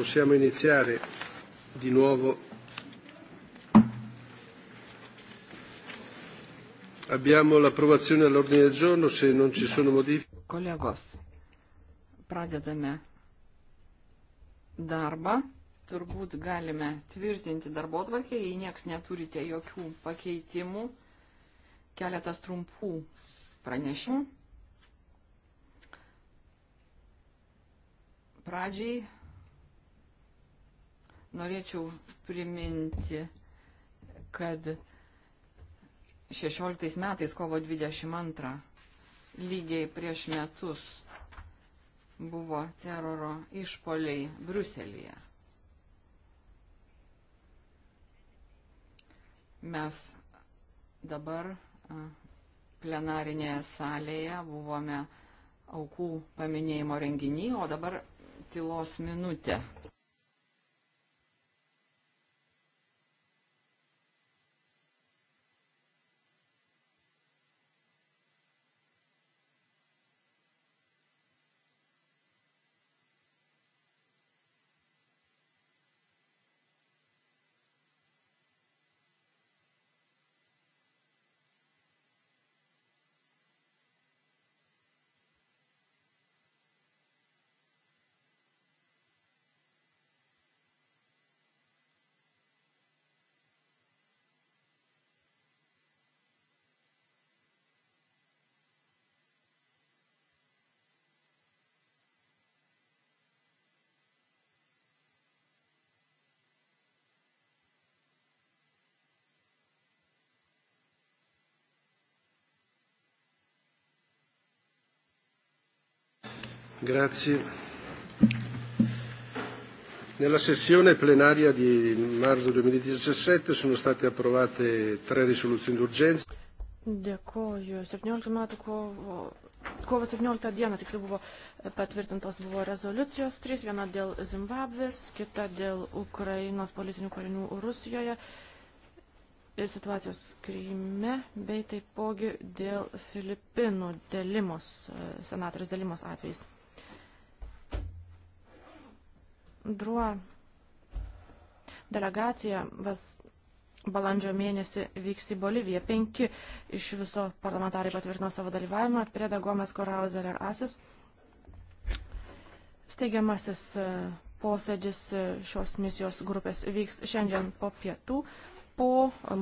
possiamo iniziare di nuovo. Abbiamo l'approvazione all'ordine del giorno, se non ci sono modifiche. Kolegos, pradedame darbą. Turbūt galime tvirtinti darbo tvarkę, jei nieks neturite jokių pakeitimų. Keletas trumpų pranešimų. pradžiai Norėčiau priminti, kad 16 metais, kovo 22, lygiai prieš metus buvo teroro išpoliai Bruselėje. Mes dabar plenarinėje salėje buvome aukų paminėjimo renginį, o dabar tylos minutė. Grazie. Nella sessione plenaria di marzo 2017 sono state approvate tre risoluzioni d'urgenza. Dėkoju. 17 metų kovo, kovo 17 dieną tiksliau buvo e, patvirtintos buvo rezoliucijos trys, viena dėl Zimbabvės, kita dėl Ukrainos politinių kalinių Rusijoje ir situacijos Kryme, bei taipogi dėl Filipinų dėlimos, e, senatorės dėlimos atvejais. Druo delegacija vas balandžio mėnesį vyks į Boliviją. Penki iš viso parlamentarai patvirtino savo dalyvavimą. Prieda Gomes Korauzer ir Asis. Steigiamasis e, posėdis e, šios misijos grupės vyks šiandien po pietų po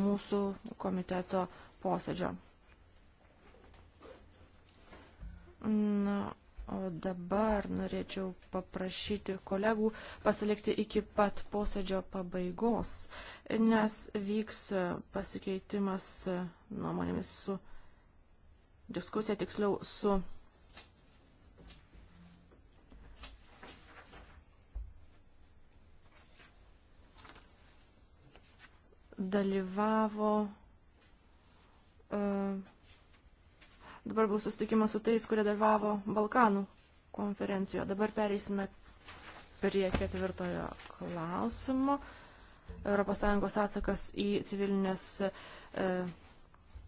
mūsų komiteto posėdžio. Na, O dabar norėčiau paprašyti kolegų pasilikti iki pat posėdžio pabaigos, nes vyks pasikeitimas nuomonėmis su diskusija, tiksliau su dalyvavo uh, Dabar bus susitikimas su tais, kurie dalyvavo Balkanų konferencijoje. Dabar pereisime prie ketvirtojo klausimo. ES atsakas į civilinės e,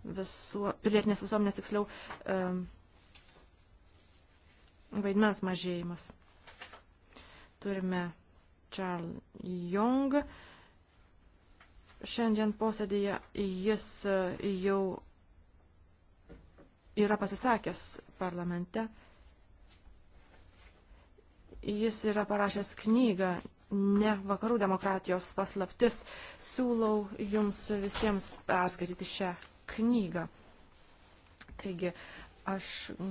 visu, pilietinės visuomenės tiksliau e, vaidmens mažėjimas. Turime Charles Young. Šiandien posėdėje jis jau yra pasisakęs parlamente. Jis yra parašęs knygą Ne vakarų demokratijos paslaptis. Siūlau jums visiems perskaityti šią knygą. Taigi, aš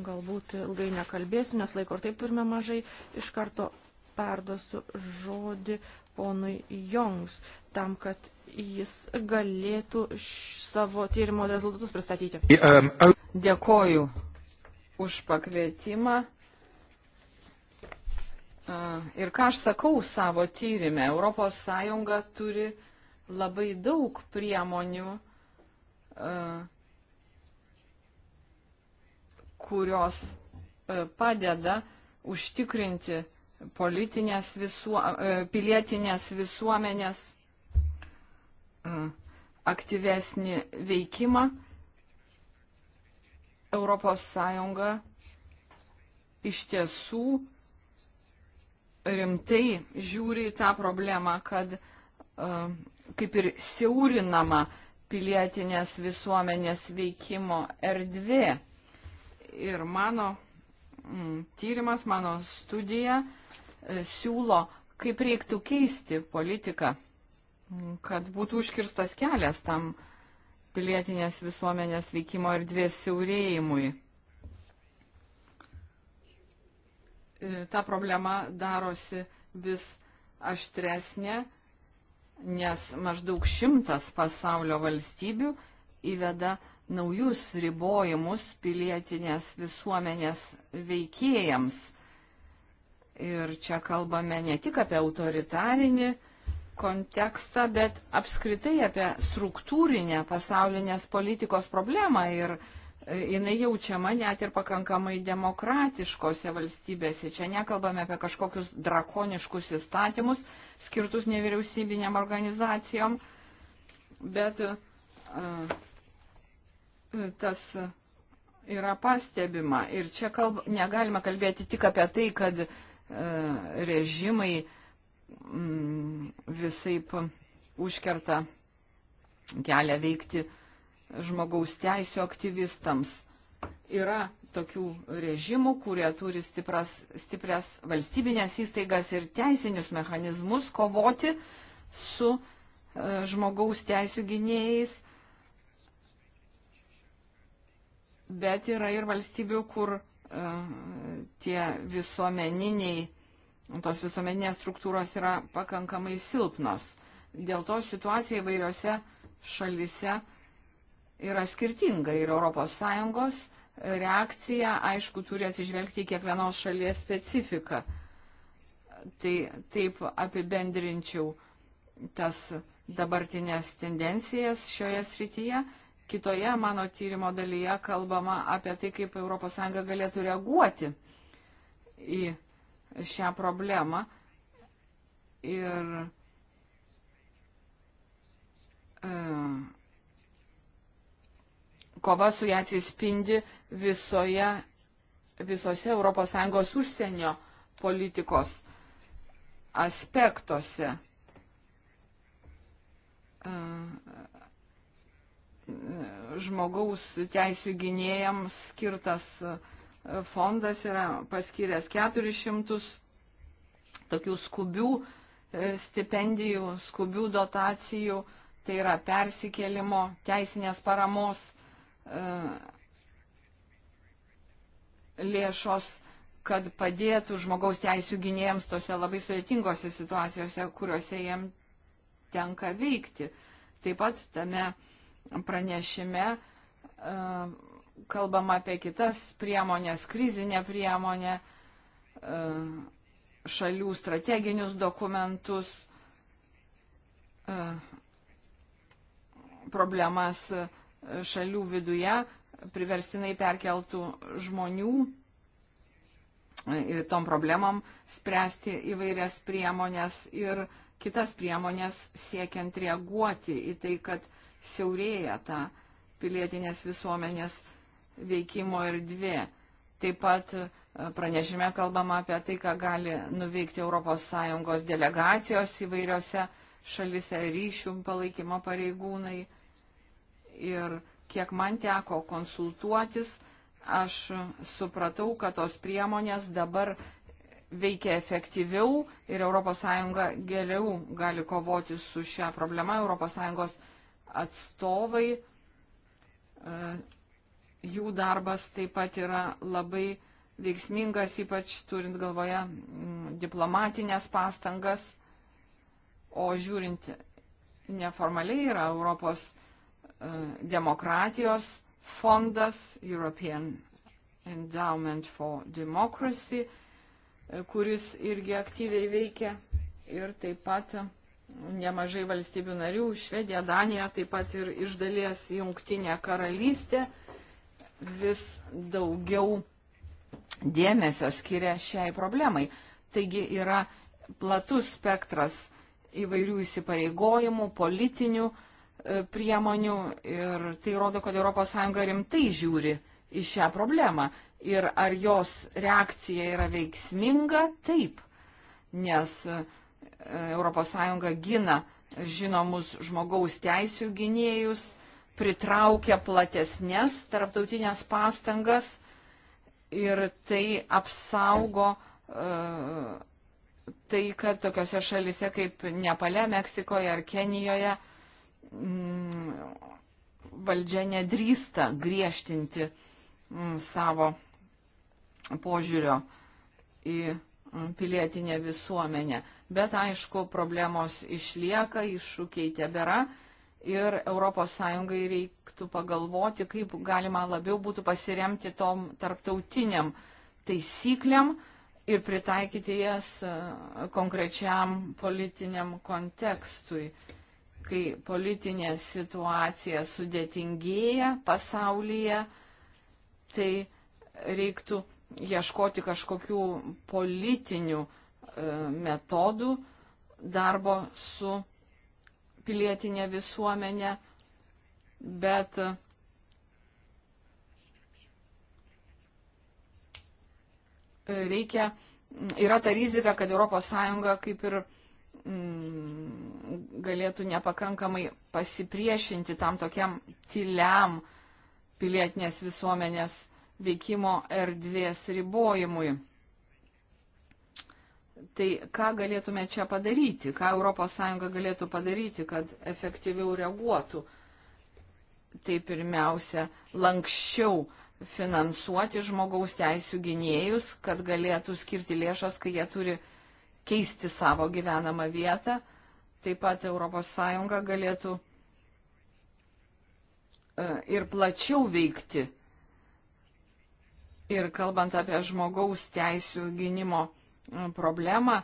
galbūt ilgai nekalbėsiu, nes laiko ir taip turime mažai. Iš karto perduosiu žodį ponui Jongs, tam, kad jis galėtų savo tyrimo rezultatus pristatyti. Dėkoju už pakvietimą. Ir ką aš sakau savo tyrimę, ES turi labai daug priemonių, kurios padeda užtikrinti politinės visuo, pilietinės visuomenės E, aktyvesnį veikimą. Europos Sąjunga iš tiesų rimtai žiūri į tą problemą, kad e, kaip ir siaurinama pilietinės visuomenės veikimo erdvė. Ir mano mm, tyrimas, mano studija e, siūlo, kaip reiktų keisti politiką kad būtų užkirstas kelias tam pilietinės visuomenės veikimo erdvės siaurėjimui. E, ta problema darosi vis aštresnė, nes maždaug šimtas pasaulio valstybių įveda naujus ribojimus pilietinės visuomenės veikėjams. Ir čia kalbame ne tik apie autoritarinį, kontekstą, bet apskritai apie struktūrinę pasaulinės politikos problemą ir e, jinai jaučiama net ir pakankamai demokratiškose valstybėse. Čia nekalbame apie kažkokius drakoniškus įstatymus skirtus nevyriausybinėm organizacijom, bet uh, tas yra pastebima. Ir čia kalb, negalime kalbėti tik apie tai, kad uh, režimai uh, Mm, visaip užkerta kelią veikti žmogaus teisų aktyvistams. Yra tokių režimų, kurie turi stipras, stipras valstybinės įstaigas ir teisinius mechanizmus kovoti su e, žmogaus teisų gynėjais, bet yra ir valstybių, kur e, tie visuomeniniai tos visuomeninės struktūros yra pakankamai silpnos. Dėl to situacija įvairiose šalise yra skirtinga ir ES e, reakcija, aišku, turi atsižvelgti į kiekvienos šalies specifiką. Tai taip apibendrinčiau tas dabartinės tendencijas šioje srityje. Kitoje mano tyrimo dalyje kalbama apie tai, kaip ES galėtų reaguoti į šią problemą ir e, kova su ją atsispindi visoje, visose ES užsienio politikos aspektuose. E, žmogaus teisų gynėjams skirtas e, fondas yra paskyręs 400 tokių skubių e, stipendijų, skubių dotacijų, tai yra persikėlimo teisinės paramos e, lėšos, kad padėtų žmogaus teisų gynėjams tose labai sudėtingose situacijose, kuriuose jiem tenka veikti. Taip pat tame pranešime e, kalbama apie kitas priemonės, krizinę priemonę, e, šalių strateginius dokumentus, e, problemas e, šalių viduje, priverstinai perkeltų žmonių ir tom problemam spręsti įvairias priemonės ir kitas priemonės siekiant reaguoti į tai, kad siaurėja ta pilietinės visuomenės veikimo ir dvi. Taip pat e, pranešime kalbama apie tai, ką gali nuveikti ES delegacijos įvairiose šalise ryšių palaikymo pareigūnai. Ir kiek man teko konsultuotis, aš supratau, kad tos priemonės dabar veikia efektyviau ir ES geriau gali kovoti su šią problemą. ES atstovai e, jų darbas taip pat yra labai veiksmingas, ypač turint galvoje mm, diplomatinės pastangas, o žiūrint neformaliai yra Europos e, demokratijos fondas, European Endowment for Democracy, e, kuris irgi aktyviai veikia ir taip pat e, nemažai valstybių narių, Švedija, Danija, taip pat ir iš dalies Jungtinė karalystė vis daugiau dėmesio skiria šiai problemai. Taigi yra platus spektras įvairių įsipareigojimų, politinių e, priemonių ir tai rodo, kad ES rimtai žiūri į šią problemą. Ir ar jos reakcija yra veiksminga? Taip, nes ES gina žinomus žmogaus teisų gynėjus, pritraukia platesnės tarptautinės pastangas ir tai apsaugo uh, tai, kad tokiose šalise kaip Nepale, Meksikoje ar Kenijoje mm, valdžia nedrįsta griežtinti mm, savo požiūrio į mm, pilietinę visuomenę. Bet aišku, problemos išlieka, iššūkiai tebėra ir ES reiktų pagalvoti, kaip galima labiau būtų pasiremti tom tarptautiniam taisykliam ir pritaikyti jas e, konkrečiam politiniam kontekstui, kai politinė situacija sudėtingėja pasaulyje, tai reiktų ieškoti kažkokių politinių e, metodų darbo su pilietinę visuomenę, bet reikia, yra ta rizika, kad ES kaip ir mm, galėtų nepakankamai pasipriešinti tam tokiam tyliam pilietinės visuomenės veikimo erdvės ribojimui. Tai ką galėtume čia padaryti, ką ES galėtų padaryti, kad efektyviau reaguotų. Tai pirmiausia, lankščiau finansuoti žmogaus teisų gynėjus, kad galėtų skirti lėšas, kai jie turi keisti savo gyvenamą vietą. Taip pat ES galėtų e, ir plačiau veikti. Ir kalbant apie žmogaus teisų gynimo problemą e,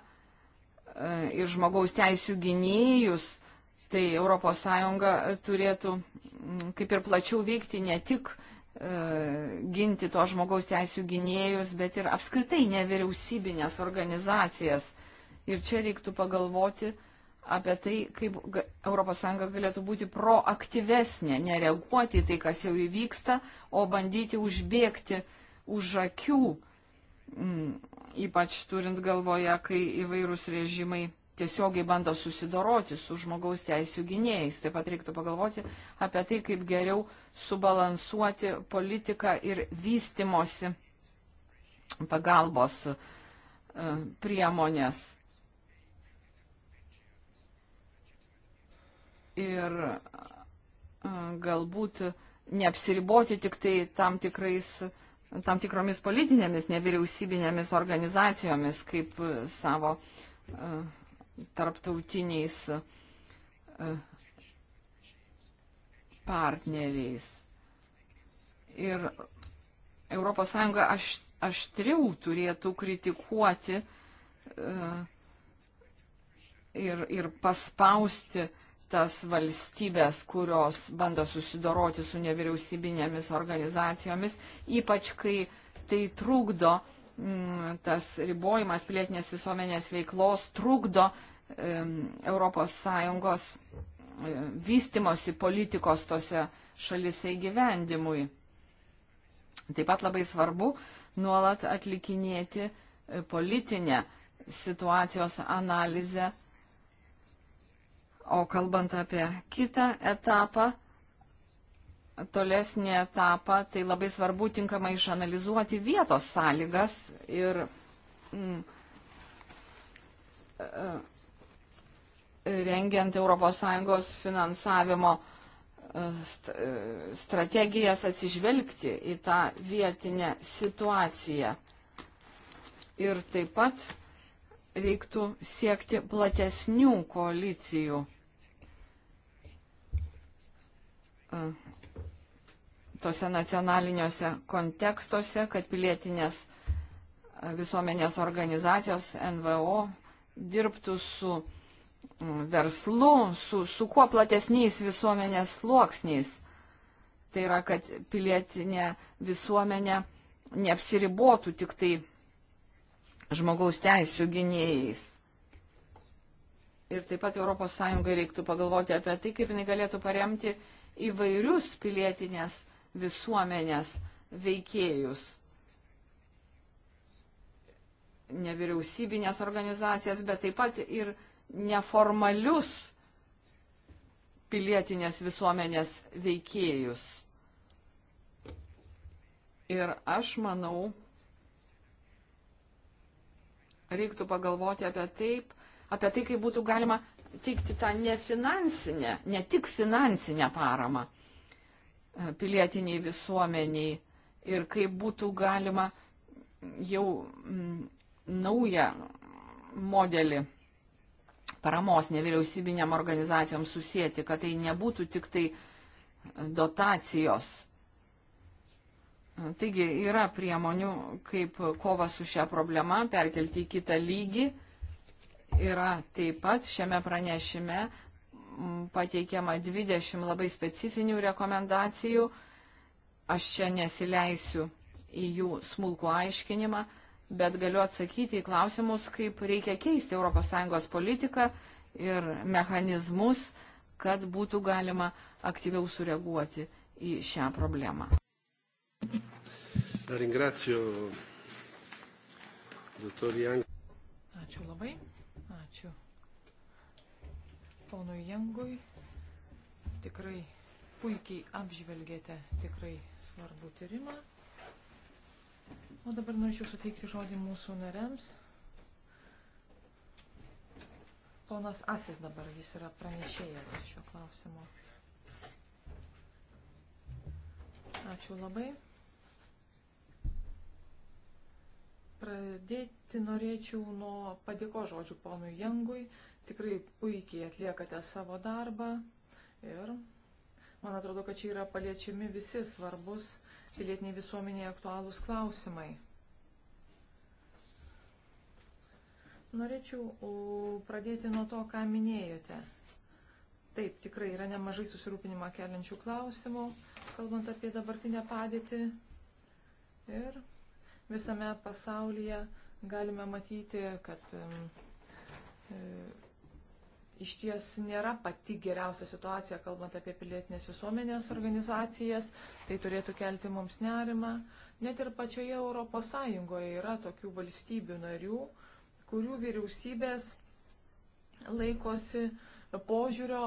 ir žmogaus teisų gynėjus, tai ES turėtų mm, kaip ir plačiau veikti ne tik e, ginti to žmogaus teisų gynėjus, bet ir apskritai nevyriausybinės organizacijas. Ir čia reiktų pagalvoti apie tai, kaip ES galėtų būti proaktyvesnė, nereaguoti į tai, kas jau įvyksta, o bandyti užbėgti už akių mm, ypač turint galvoje, kai įvairūs režimai tiesiogiai bando susidoroti su žmogaus teisų gynėjais. Taip pat reiktų pagalvoti apie tai, kaip geriau subalansuoti politiką ir vystimosi pagalbos e, priemonės. Ir e, galbūt neapsiriboti tik tai tam tikrais uh, tam tikromis politinėmis nevyriausybinėmis organizacijomis, kaip e, savo e, tarptautiniais e, partneriais. Ir ES aš, aštriau turėtų kritikuoti ir, ir paspausti tas valstybės, kurios bando susidoroti su nevyriausybinėmis organizacijomis, ypač kai tai trukdo, mm, tas ribojimas pilietinės visuomenės veiklos trukdo ES e, vystimosi politikos tose šalise įgyvendimui. Taip pat labai svarbu nuolat atlikinėti e, politinę situacijos analizę O kalbant apie kitą etapą, tolesnį etapą, tai labai svarbu tinkamai išanalizuoti vietos sąlygas ir mm, e, rengiant ES finansavimo e, e, strategijas atsižvelgti į tą vietinę situaciją. Ir taip pat reiktų siekti platesnių koalicijų tose nacionaliniuose kontekstuose, kad pilietinės visuomenės organizacijos NVO dirbtų su verslu, su, su kuo platesniais visuomenės sluoksniais. Tai yra, kad pilietinė visuomenė neapsiribotų tik tai žmogaus teisų gynėjais. Ir taip pat ES reiktų pagalvoti apie tai, kaip jinai galėtų paremti įvairius pilietinės visuomenės veikėjus, nevyriausybinės organizacijas, bet taip pat ir neformalius pilietinės visuomenės veikėjus. Ir aš manau, reiktų pagalvoti apie taip, apie tai, kaip būtų galima teikti tą nefinansinę, ne tik finansinę paramą e, pilietiniai visuomeniai ir kaip būtų galima jau m, mm, naują modelį paramos nevyriausybinėm organizacijom susijęti, kad tai nebūtų tik tai dotacijos. Taigi yra priemonių, kaip kova su šia problema perkelti į kitą lygį yra taip pat šiame pranešime pateikiama 20 labai specifinių rekomendacijų. Aš čia nesileisiu į jų smulkų aiškinimą, bet galiu atsakyti į klausimus, kaip reikia keisti ES politiką ir mechanizmus, kad būtų galima aktyviau sureaguoti į šią problemą. Ačiū labai. Ačiū ponui Jengui. Tikrai puikiai apžvelgėte tikrai svarbų tyrimą. O dabar norėčiau suteikti žodį mūsų nariams. Ponas Asis dabar, jis yra pranešėjas šio klausimo. Ačiū labai. Pradėti norėčiau nuo padėko žodžių ponui Jangui. Tikrai puikiai atliekate savo darbą ir man atrodo, kad čia yra paliečiami visi svarbus pilietiniai visuomeniai aktualūs klausimai. Norėčiau pradėti nuo to, ką minėjote. Taip, tikrai yra nemažai susirūpinimą keliančių klausimų, kalbant apie dabartinę padėtį. Ir visame pasaulyje galime matyti, kad e, iš ties nėra pati geriausia situacija, kalbant apie pilietinės visuomenės organizacijas, tai turėtų kelti mums nerimą. Net ir pačioje Europos Sąjungoje yra tokių valstybių narių, kurių vyriausybės laikosi uh, požiūrio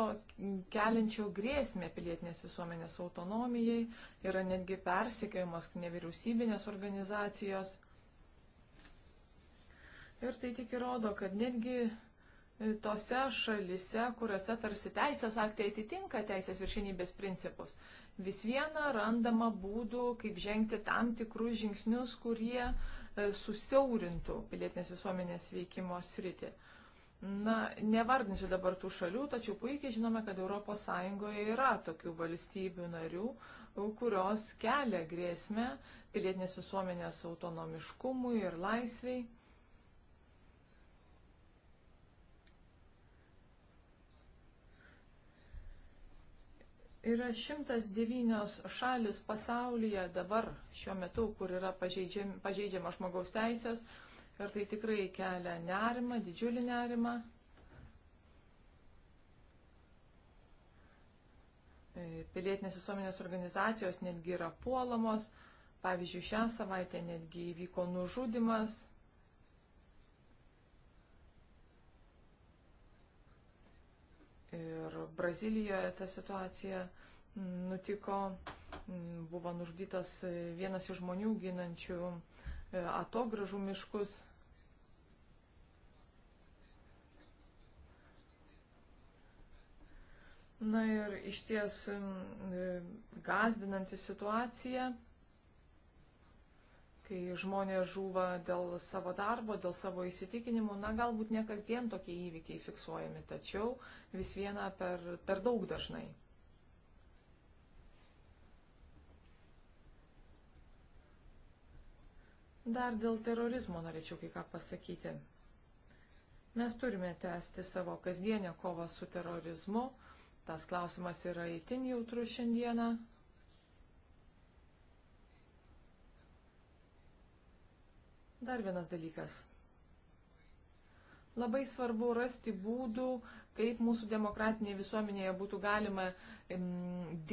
keliančio grėsmę pilietinės visuomenės autonomijai, yra netgi persikėjimas nevyriausybinės organizacijos. Ir tai tik įrodo, kad netgi e, tose šalise, kuriuose tarsi teisės aktai atitinka teisės viršinybės principus, vis viena randama būdų, kaip žengti tam tikrus žingsnius, kurie e, susiaurintų pilietinės visuomenės veikimo sritį. Na, nevardinsiu dabar tų šalių, tačiau puikiai žinome, kad ES yra tokių valstybių narių, kurios kelia grėsmę pilietinės visuomenės autonomiškumui ir laisviai. Yra 109 šalis pasaulyje dabar šiuo metu, kur yra pažeidžiama žmogaus teisės, Ir tai tikrai kelia nerimą, didžiulį nerimą. E, pilietinės visuomenės organizacijos netgi yra puolamos. Pavyzdžiui, šią savaitę netgi įvyko nužudimas. Ir Brazilijoje ta situacija nutiko, buvo nužudytas vienas iš žmonių ginančių e, atogražų miškus. Na ir iš ties e, gazdinanti situacija, kai žmonės žūva dėl savo darbo, dėl savo įsitikinimų, na galbūt ne kasdien tokie įvykiai fiksuojami, tačiau vis viena per, per daug dažnai. Dar dėl terorizmo norėčiau kai ką pasakyti. Mes turime tęsti savo kasdienę kovą su terorizmu Tas klausimas yra itin jautrus šiandieną. Dar vienas dalykas. Labai svarbu rasti būdų, kaip mūsų demokratinėje visuomenėje būtų galima m,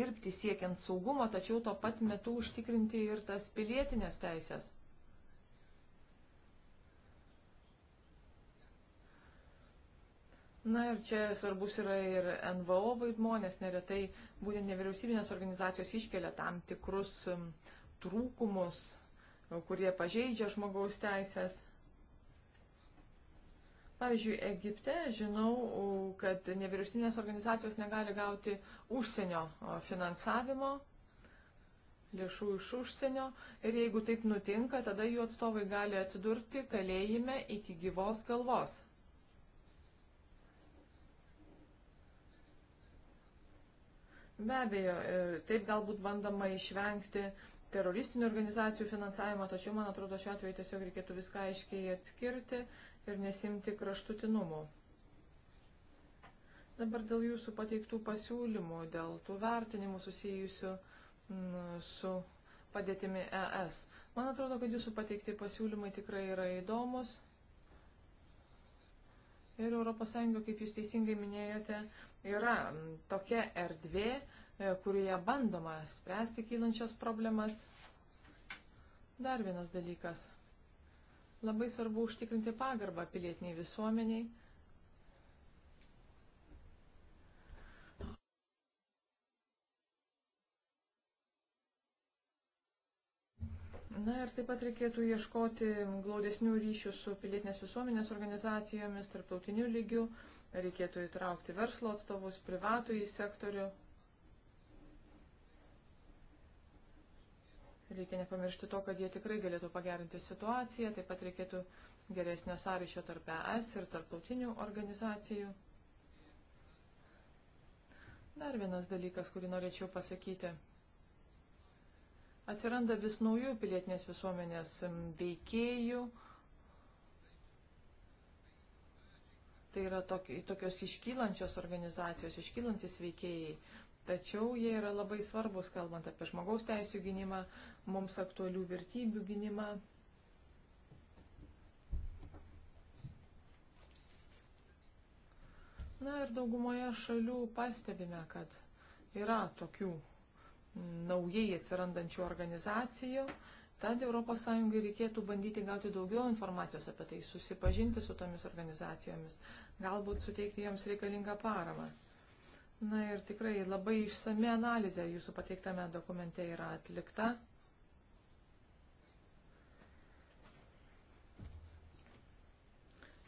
dirbti siekiant saugumo, tačiau tuo pat metu užtikrinti ir tas pilietinės teisės. Na ir čia svarbus yra ir NVO vaidmo, nes neretai būtent nevyriausybinės organizacijos iškelia tam tikrus um, trūkumus, kurie pažeidžia žmogaus teisės. Pavyzdžiui, Egipte žinau, kad nevyriausybinės organizacijos negali gauti užsienio finansavimo, lėšų iš užsienio ir jeigu taip nutinka, tada jų atstovai gali atsidurti kalėjime iki gyvos galvos. Be abejo, e, taip galbūt bandoma išvengti teroristinių organizacijų finansavimo, tačiau man atrodo šiuo atveju tiesiog reikėtų viską aiškiai atskirti ir nesimti kraštutinumų. Dabar dėl jūsų pateiktų pasiūlymų, dėl tų vertinimų susijusių su padėtimi ES. Man atrodo, kad jūsų pateikti pasiūlymai tikrai yra įdomus. Ir ES, kaip jūs teisingai minėjote, yra tokia erdvė, e, kurioje bandoma spręsti kylančias problemas. Dar vienas dalykas. Labai svarbu užtikrinti pagarbą pilietiniai visuomeniai. Na ir taip pat reikėtų ieškoti glaudesnių ryšių su pilietinės visuomenės organizacijomis, tarptautiniu lygiu, reikėtų įtraukti verslo atstovus, privatų į sektorių. Reikia nepamiršti to, kad jie tikrai galėtų pagerinti situaciją, taip pat reikėtų geresnio sąryšio tarp ES ir tarptautinių organizacijų. Dar vienas dalykas, kurį norėčiau pasakyti. Atsiranda vis naujų pilietinės visuomenės veikėjų, tai yra tokios iškylančios organizacijos, iškylantis veikėjai. Tačiau jie yra labai svarbus, kalbant apie žmogaus teisų gynimą, mums aktualių vertybių gynimą. Na ir daugumoje šalių pastebime, kad yra tokių naujai atsirandančių organizacijų, Tad ES reikėtų bandyti gauti daugiau informacijos apie tai, susipažinti su tomis organizacijomis, galbūt suteikti joms reikalingą paramą. Na ir tikrai labai išsami analizė jūsų pateiktame dokumente yra atlikta.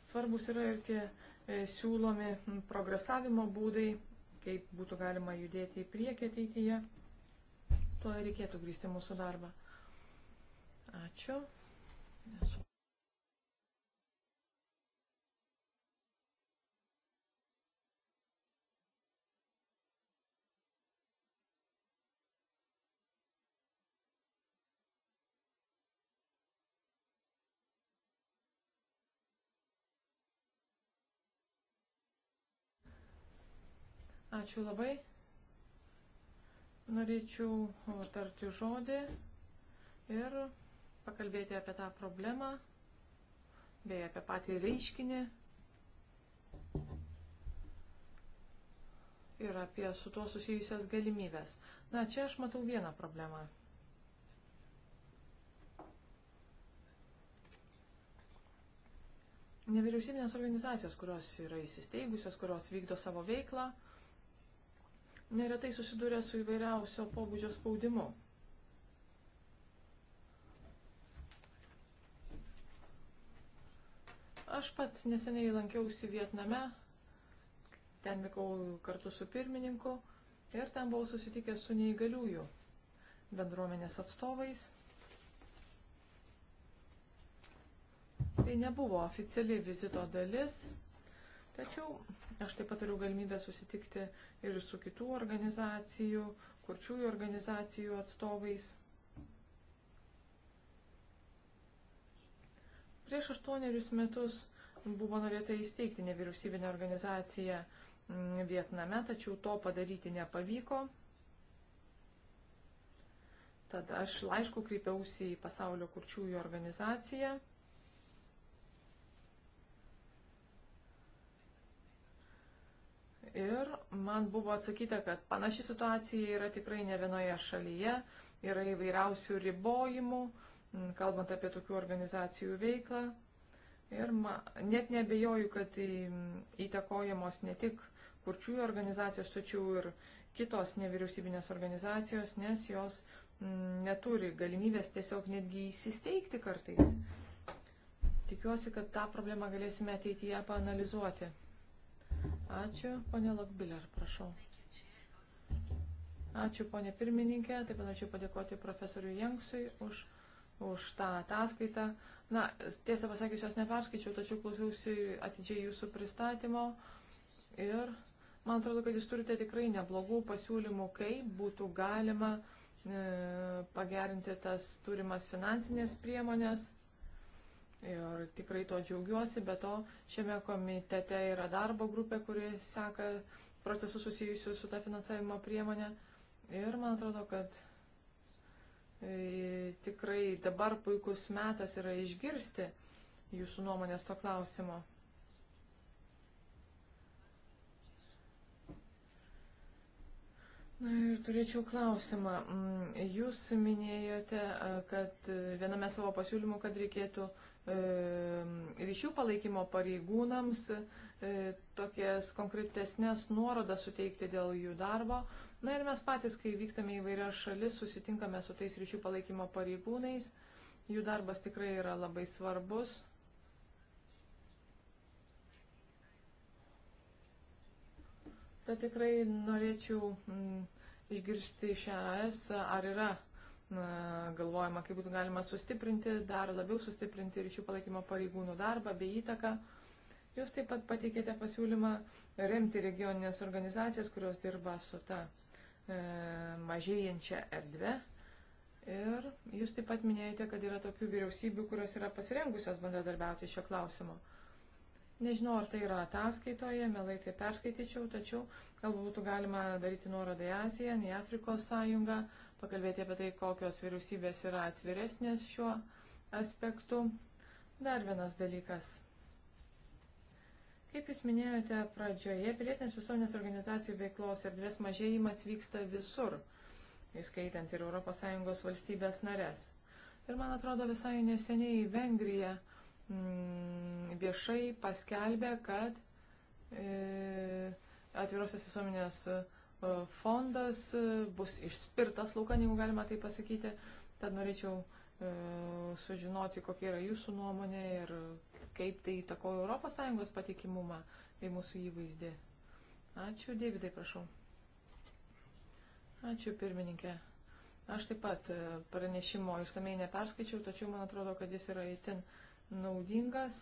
Svarbus yra ir tie e, siūlomi progresavimo būdai, kaip būtų galima judėti į priekį ateityje. Tuo reikėtų grįsti mūsų darbą. Ačiū. Nesu. Ačiū labai. Norėčiau tarti žodį ir pakalbėti apie tą problemą, bei apie patį reiškinį ir apie su tuo susijusias galimybės. Na, čia aš matau vieną problemą. Nevyriausybinės organizacijos, kurios yra įsisteigusios, kurios vykdo savo veiklą, neretai susiduria su įvairiausio pobūdžio spaudimu. Aš pats neseniai lankiausi Vietname, ten vykau kartu su pirmininku ir ten buvau susitikęs su neįgaliųjų bendruomenės atstovais. Tai nebuvo oficiali vizito dalis, tačiau aš taip pat turiu galimybę susitikti ir su kitų organizacijų, kurčiųjų organizacijų atstovais. Prieš aštuonerius metus buvo norėta įsteigti nevyriausybinę organizaciją mm, Vietname, tačiau to padaryti nepavyko. Tad aš laišku kreipiausi į pasaulio kurčiųjų organizaciją. Ir man buvo atsakyta, kad panaši situacija yra tikrai ne vienoje šalyje, yra įvairiausių ribojimų, uh, kalbant apie tokių organizacijų veiklą. Ir ma, net nebejoju, kad įtakojamos ne tik kurčiųjų organizacijos, tačiau ir kitos nevyriausybinės organizacijos, nes jos m, neturi galimybės tiesiog netgi įsisteigti kartais. Tikiuosi, kad tą problemą galėsime ateityje panalizuoti. Ačiū, ponė Lokbiller, prašau. Ačiū, ponė pirmininkė, taip pat norėčiau padėkoti profesoriui Jenksui už už tą ataskaitą. Na, tiesą pasakius, jos neperskaičiau, tačiau klausiausi atidžiai jūsų pristatymo ir man atrodo, kad jūs turite tikrai neblogų pasiūlymų, kaip būtų galima e, pagerinti tas turimas finansinės priemonės. Ir tikrai to džiaugiuosi, bet to šiame komitete yra darbo grupė, kuri seka procesus susijusius su ta finansavimo priemonė. Ir man atrodo, kad E, tikrai dabar puikus metas yra išgirsti jūsų nuomonės to klausimo. Na ir turėčiau klausimą. Mm, jūs minėjote, e, kad e, viename savo pasiūlymu, kad reikėtų ryšių palaikymo pareigūnams E, tokias konkretesnės nuorodas suteikti dėl jų darbo. Na ir mes patys, kai vykstame į vairias šalis, susitinkame su tais ryšių palaikymo pareigūnais. Jų darbas tikrai yra labai svarbus. Tad tikrai norėčiau m, mm, išgirsti iš ES, ar yra galvojama, kaip būtų galima sustiprinti, dar labiau sustiprinti ryšių palaikymo pareigūnų darbą bei įtaką. Jūs taip pat pateikėte pasiūlymą remti regioninės organizacijas, kurios dirba su ta e, mažėjančia erdve. Ir jūs taip pat minėjote, kad yra tokių vyriausybių, kurios yra pasirengusios bendradarbiauti šio klausimo. Nežinau, ar tai yra ataskaitoje, melai tai perskaityčiau, tačiau galbūt būtų galima daryti nuorodą į Aziją, į Afrikos sąjungą, pakalbėti apie tai, kokios vyriausybės yra atviresnės šiuo aspektu. Dar vienas dalykas Kaip Jūs minėjote pradžioje, pilietinės visuomenės organizacijų veiklos erdvės mažėjimas vyksta visur, įskaitant ir ES valstybės narės. Ir man atrodo visai neseniai Vengrija mm, viešai paskelbė, kad e, atvirosios visuomenės e, fondas e, bus išspirtas laukan, jeigu galima tai pasakyti. Tad norėčiau e, sužinoti, kokia yra jūsų nuomonė ir kaip tai įtakoja ES patikimumą bei mūsų įvaizdį. Ačiū, Davidai, prašau. Ačiū, pirmininkė. Aš taip pat e, pranešimo išsamei neperskaičiau, tačiau man atrodo, kad jis yra itin naudingas.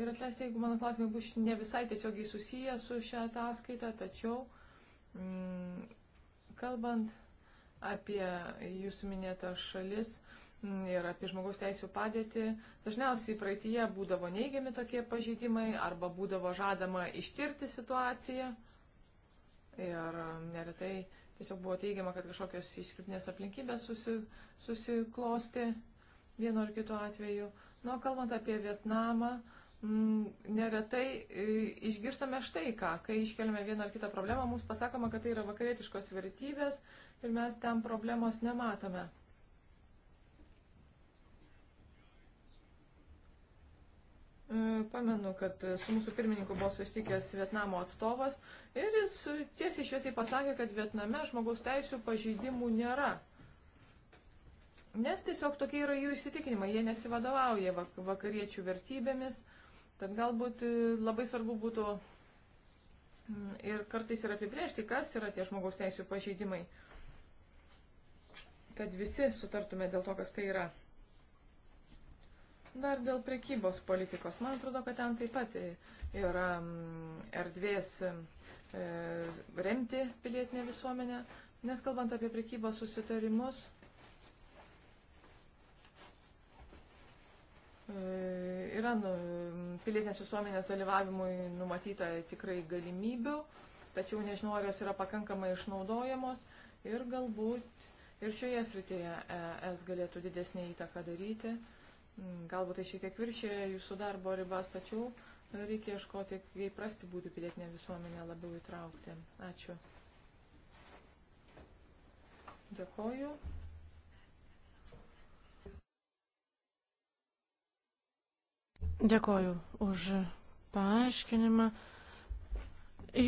Ir atleisti, jeigu mano klausimai bus ne visai tiesiogiai susiję su šią ataskaitą, tačiau mm, kalbant apie jūsų minėtą šalis, ir apie žmogaus teisų padėtį. Dažniausiai praeitie būdavo neigiami tokie pažeidimai arba būdavo žadama ištirti situaciją. Ir neretai tiesiog buvo teigiama, kad kažkokios išskirtinės aplinkybės susi, susiklosti vienu ar kitu atveju. Nu, kalbant apie Vietnamą, m, mm, neretai e, išgirstame štai ką, kai iškeliame vieną ar kitą problemą, mums pasakoma, kad tai yra vakarietiškos vertybės ir mes ten problemos nematome. Mm, pamenu, kad su mūsų pirmininku buvo susitikęs Vietnamo atstovas ir jis tiesiai šviesiai pasakė, kad Vietname žmogaus teisų pažeidimų nėra. Nes tiesiog tokie yra jų įsitikinimai, jie nesivadovauja vakariečių vertybėmis, tad galbūt e, labai svarbu būtų mm, ir kartais ir apibrėžti, kas yra tie žmogaus teisų pažeidimai, kad visi sutartume dėl to, kas tai yra. Dar dėl prekybos politikos. Man atrodo, kad ten taip pat yra erdvės e, remti pilietinę visuomenę, nes kalbant apie prekybos susitarimus. E, yra nu, pilietinės visuomenės dalyvavimui numatyta tikrai galimybių, tačiau nežinau, ar jos yra pakankamai išnaudojamos ir galbūt ir šioje srityje e, ES galėtų didesnį įtaką daryti. E, Galbūt tai šiek tiek viršė jūsų darbo ribas, tačiau reikia ieškoti, kaip prasti būtų pilietinę visuomenę labiau įtraukti. Ačiū. Dėkoju. Dėkoju už paaiškinimą.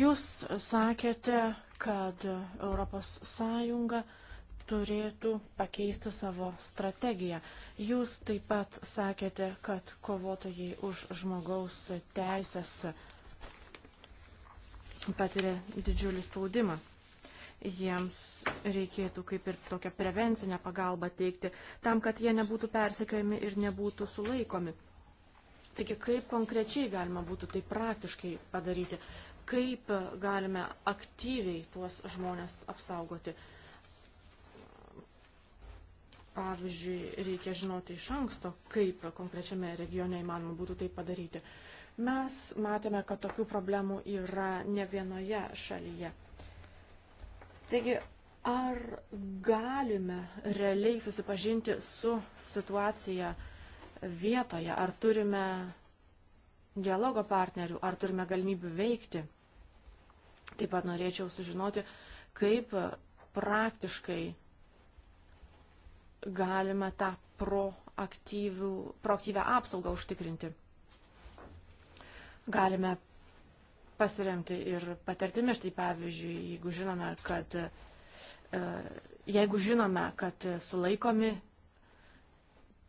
Jūs sakėte, kad Europos Sąjunga turėtų pakeisti savo strategiją. Jūs taip pat sakėte, kad kovotojai už žmogaus teisės patiria didžiulį spaudimą. Jiems reikėtų kaip ir tokią prevencinę pagalbą teikti, tam, kad jie nebūtų persekiojami ir nebūtų sulaikomi. Taigi, kaip konkrečiai galima būtų tai praktiškai padaryti, kaip galime aktyviai tuos žmonės apsaugoti pavyzdžiui, reikia žinoti iš anksto, kaip konkrečiame regione įmanoma būtų tai padaryti. Mes matėme, kad tokių problemų yra ne vienoje šalyje. Taigi, ar galime realiai susipažinti su situacija vietoje, ar turime dialogo partnerių, ar turime galimybių veikti. Taip pat norėčiau sužinoti, kaip praktiškai galime tą proaktyvę apsaugą užtikrinti. Galime pasiremti ir patirtimi, štai pavyzdžiui, jeigu žinome, kad, e, jeigu žinome, kad sulaikomi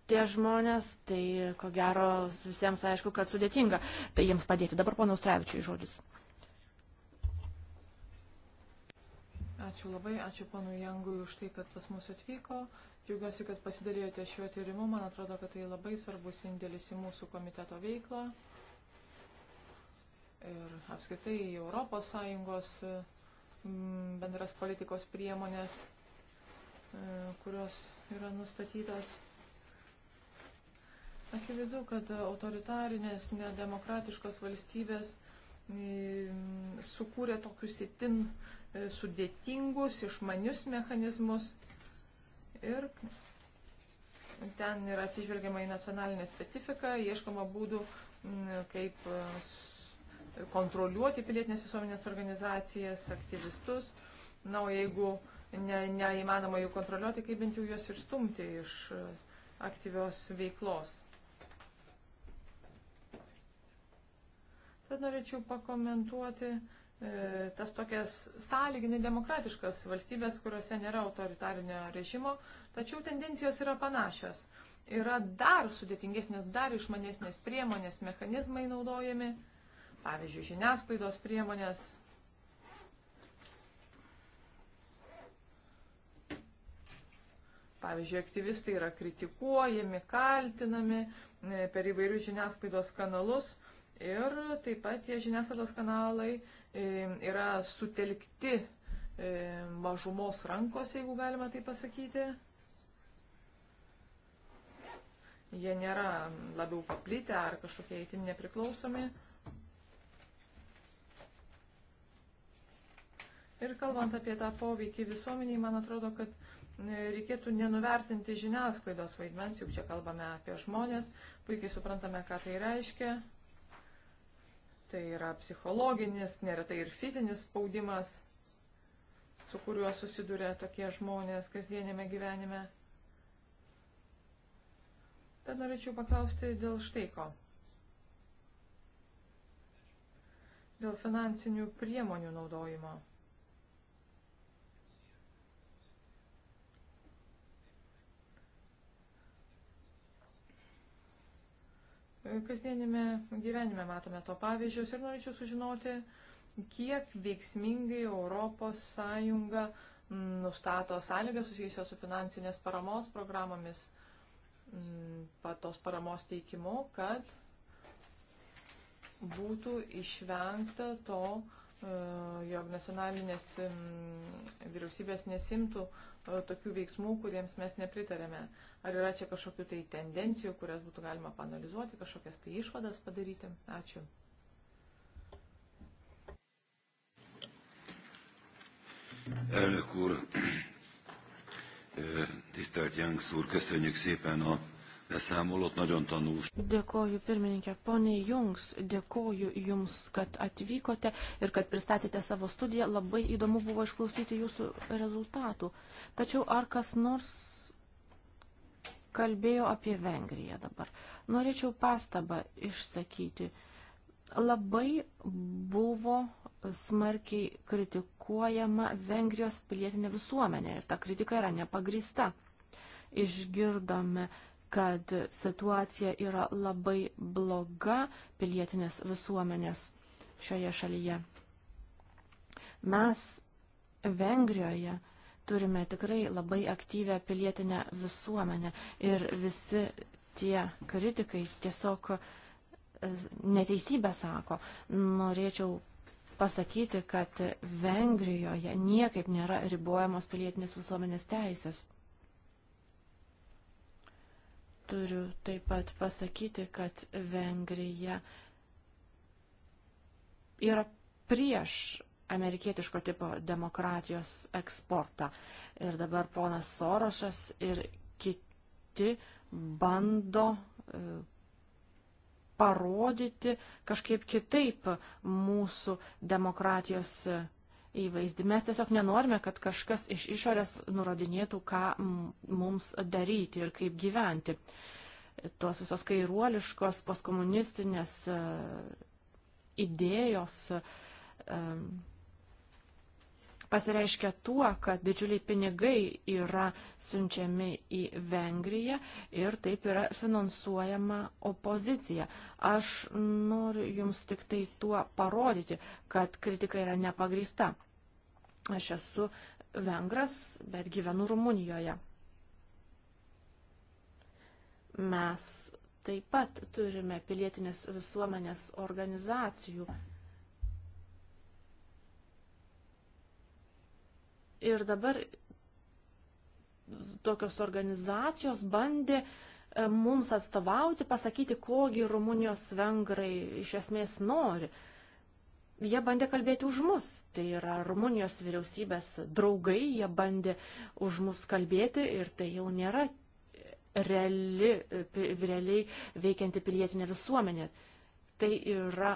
tie žmonės, tai ko gero visiems aišku, kad sudėtinga tai jiems padėti. Dabar pono Ustrevičiui žodis. Ačiū labai, ačiū panu Jangui už tai, kad pas mus atvyko Džiaugiuosi, kad pasidalėjote šiuo tyrimu. Man atrodo, kad tai labai svarbus indėlis į mūsų komiteto veiklą ir apskritai ES mm, bendras politikos priemonės, e, kurios yra nustatytos. Akivaizdu, kad autoritarinės, nedemokratiškos valstybės e, sukūrė tokius itin e, sudėtingus, išmanius mechanizmus, ir ten yra atsižvelgiama į nacionalinę specifiką, ieškoma būdų, kaip e, kontroliuoti pilietinės visuomenės organizacijas, aktyvistus. Na, o jeigu ne, neįmanoma jų kontroliuoti, kaip bent jau juos išstumti iš e, aktyvios veiklos. Tad norėčiau pakomentuoti E, tas tokias sąlyginį demokratiškas valstybės, kuriuose nėra autoritarinio režimo, tačiau tendencijos yra panašios. Yra dar sudėtingesnės, dar išmanesnės priemonės, mechanizmai naudojami, pavyzdžiui, žiniasklaidos priemonės. Pavyzdžiui, aktyvistai yra kritikuojami, kaltinami e, per įvairius žiniasklaidos kanalus ir taip pat tie žiniasklaidos kanalai uh, E, yra sutelkti e, mažumos rankos, jeigu galima tai pasakyti. Jie nėra labiau paplitę ar kažkokie įtin nepriklausomi. Ir kalbant apie tą poveikį visuomeniai, man atrodo, kad e, reikėtų nenuvertinti žiniasklaidos vaidmens, juk čia kalbame apie žmonės, puikiai suprantame, ką tai reiškia. Tai yra psichologinis, neretai ir fizinis spaudimas, su kuriuo susiduria tokie žmonės kasdienėme gyvenime. Tad norėčiau paklausti dėl štai ko. Dėl finansinių priemonių naudojimo. kasdienime gyvenime matome to pavyzdžius ir norėčiau sužinoti, kiek veiksmingai ES nustato sąlygas susijusios su finansinės paramos programomis, mm, patos paramos teikimu, kad būtų išvengta to, e, jog nacionalinės mm, vyriausybės nesimtų tokių veiksmų, kuriems mes nepritarėme. Ar yra čia kažkokių tai tendencijų, kurias būtų galima panalizuoti, kažkokias tai išvadas padaryti? Ačiū. Elnök úr, tisztelt Jánk úr, köszönjük szépen a beszámolót, nagyon tanús. Dėkoju pirmininkė, ponė Jungs, dėkoju Jums, kad atvykote ir kad pristatėte savo studiją. Labai įdomu buvo išklausyti Jūsų rezultatų. Tačiau ar kas nors kalbėjo apie Vengriją dabar? Norėčiau pastabą išsakyti. Labai buvo smarkiai kritikuojama Vengrijos pilietinė visuomenė ir ta kritika yra nepagrįsta. Išgirdome kad situacija yra labai bloga pilietinės visuomenės šioje šalyje. Mes Vengrijoje turime tikrai labai aktyvę pilietinę visuomenę ir visi tie kritikai tiesiog e, neteisybę sako. Norėčiau pasakyti, kad Vengrijoje niekaip nėra ribojamos pilietinės visuomenės teisės. Turiu taip pat pasakyti, kad Vengrija yra prieš amerikietiško tipo demokratijos eksportą. Ir dabar ponas Sorošas ir kiti bando e, parodyti kažkaip kitaip mūsų demokratijos eksportą įvaizdį. Mes tiesiog nenorime, kad kažkas iš išorės nurodinėtų, ką mums daryti ir kaip gyventi. Tos visos kairuoliškos, postkomunistinės e, idėjos e, pasireiškia tuo, kad didžiuliai pinigai yra siunčiami į Vengriją ir taip yra finansuojama opozicija. Aš noriu jums tik tai tuo parodyti, kad kritika yra nepagrįsta. Aš esu vengras, bet gyvenu Rumunijoje. Mes taip pat turime pilietinės visuomenės organizacijų. Ir dabar tokios organizacijos bandė e, mums atstovauti, pasakyti, kogi Rumunijos vengrai iš esmės nori jie bandė kalbėti už mus. Tai yra Rumunijos vyriausybės draugai, jie bandė už mus kalbėti ir tai jau nėra reali, realiai veikianti pilietinė visuomenė. Tai yra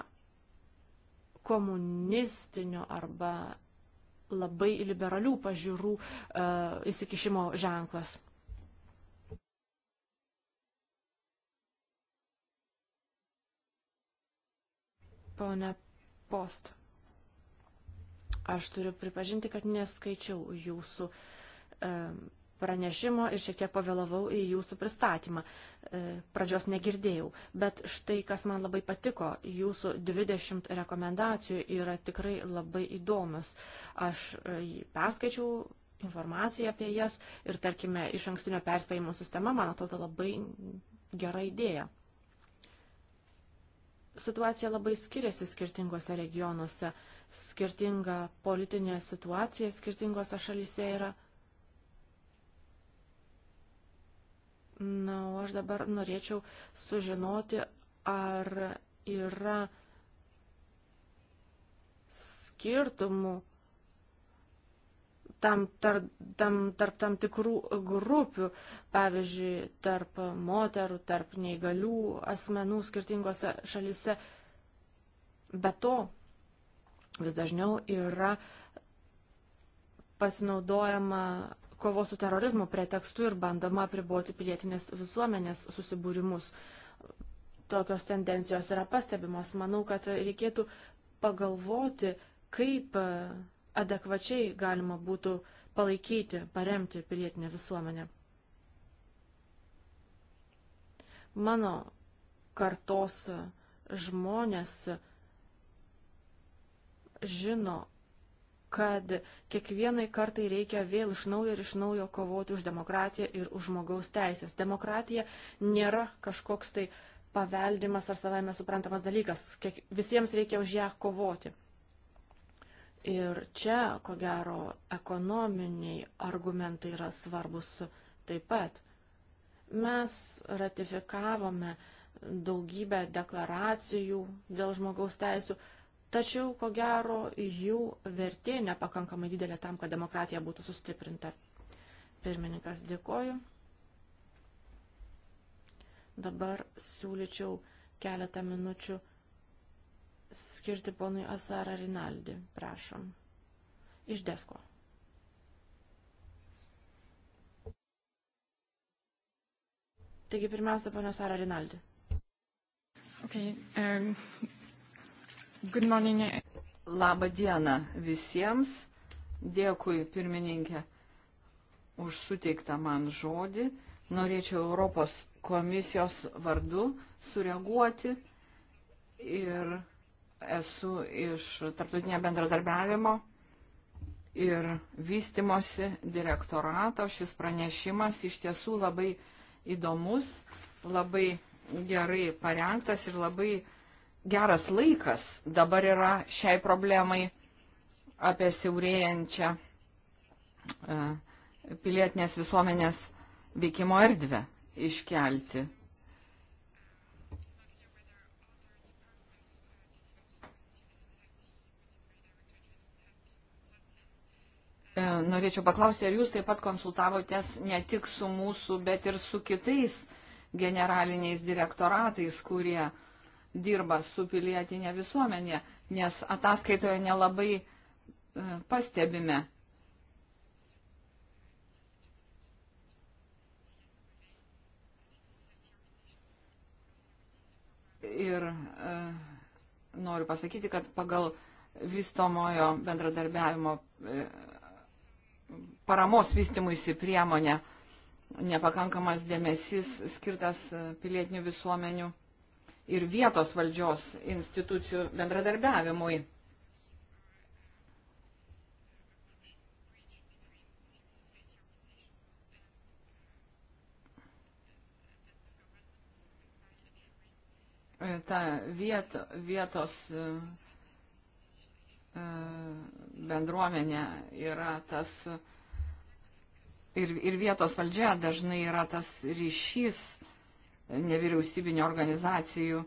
komunistinio arba labai liberalių pažiūrų uh, įsikišimo ženklas. Pone post. Aš turiu pripažinti, kad neskaičiau jūsų e, pranešimo ir šiek tiek pavėlavau į jūsų pristatymą. E, pradžios negirdėjau, bet štai kas man labai patiko, jūsų 20 rekomendacijų yra tikrai labai įdomios. Aš e, perskaičiau informaciją apie jas ir, tarkime, iš ankstinio perspėjimo sistema, man atrodo, labai gera idėja situacija labai skiriasi skirtingose regionuose. Skirtinga politinė situacija skirtingose šalyse yra. Na, o aš dabar norėčiau sužinoti, ar yra skirtumų tam, tar, tam, tarp tam tikrų grupių, pavyzdžiui, tarp moterų, tarp neįgalių asmenų skirtingose šalise. Be to, vis dažniau yra pasinaudojama kovos su terorizmu pretekstu ir bandoma apriboti pilietinės visuomenės susibūrimus. Tokios tendencijos yra pastebimos. Manau, kad reikėtų pagalvoti, kaip adekvačiai galima būtų palaikyti, paremti pilietinę visuomenę. Mano kartos žmonės žino, kad kiekvienai kartai reikia vėl iš naujo ir iš naujo kovoti už demokratiją ir už žmogaus teisės. Demokratija nėra kažkoks tai paveldimas ar savai mes suprantamas dalykas. Kiek, visiems reikia už ją kovoti. Ir čia, ko gero, ekonominiai argumentai yra svarbus taip pat. Mes ratifikavome daugybę deklaracijų dėl žmogaus teisų, tačiau, ko gero, jų vertė nepakankamai didelė tam, kad demokratija būtų sustiprinta. Pirmininkas, dėkoju. Dabar siūlyčiau keletą minučių skirti ponui Asara Rinaldi, prašom. Iš Defko. Taigi pirmiausia, ponia Sara Rinaldi. Okay, um, good morning. Labą dieną visiems. Dėkui, pirmininkė, už suteiktą man žodį. Norėčiau Europos komisijos vardu sureaguoti ir esu iš tarptautinio bendradarbiavimo ir vystimosi direktorato. Šis pranešimas iš tiesų labai įdomus, labai gerai parengtas ir labai geras laikas dabar yra šiai problemai apie siaurėjančią e, pilietinės visuomenės veikimo erdvę iškelti. norėčiau paklausti, ar jūs taip pat konsultavotės ne tik su mūsų, bet ir su kitais generaliniais direktoratais, kurie dirba su pilietinė visuomenė, nes ataskaitoje nelabai e, pastebime. Ir e, noriu pasakyti, kad pagal vystomojo bendradarbiavimo e, paramos vystimuisi priemonę, nepakankamas dėmesys skirtas pilietinių visuomenių ir vietos valdžios institucijų bendradarbiavimui. ta viet, vietos e, bendruomenė yra tas ir, ir vietos valdžia dažnai yra tas ryšys nevyriausybinio organizacijų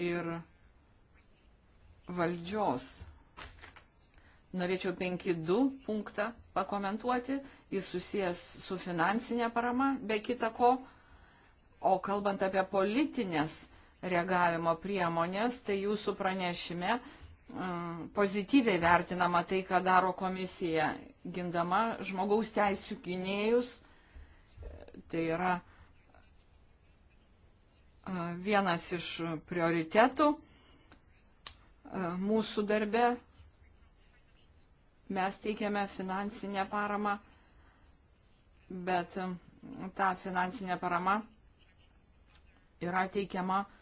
ir valdžios. Norėčiau 5.2 punktą pakomentuoti, jis susijęs su finansinė parama, be kita ko, o kalbant apie politinės reagavimo priemonės, tai jūsų pranešime Mm, pozityviai vertinama tai, ką daro komisija, gindama žmogaus teisų gynėjus. Tai yra mm, vienas iš prioritetų mm, mūsų darbe. Mes teikiame finansinę paramą, bet ta finansinė parama yra teikiama uh,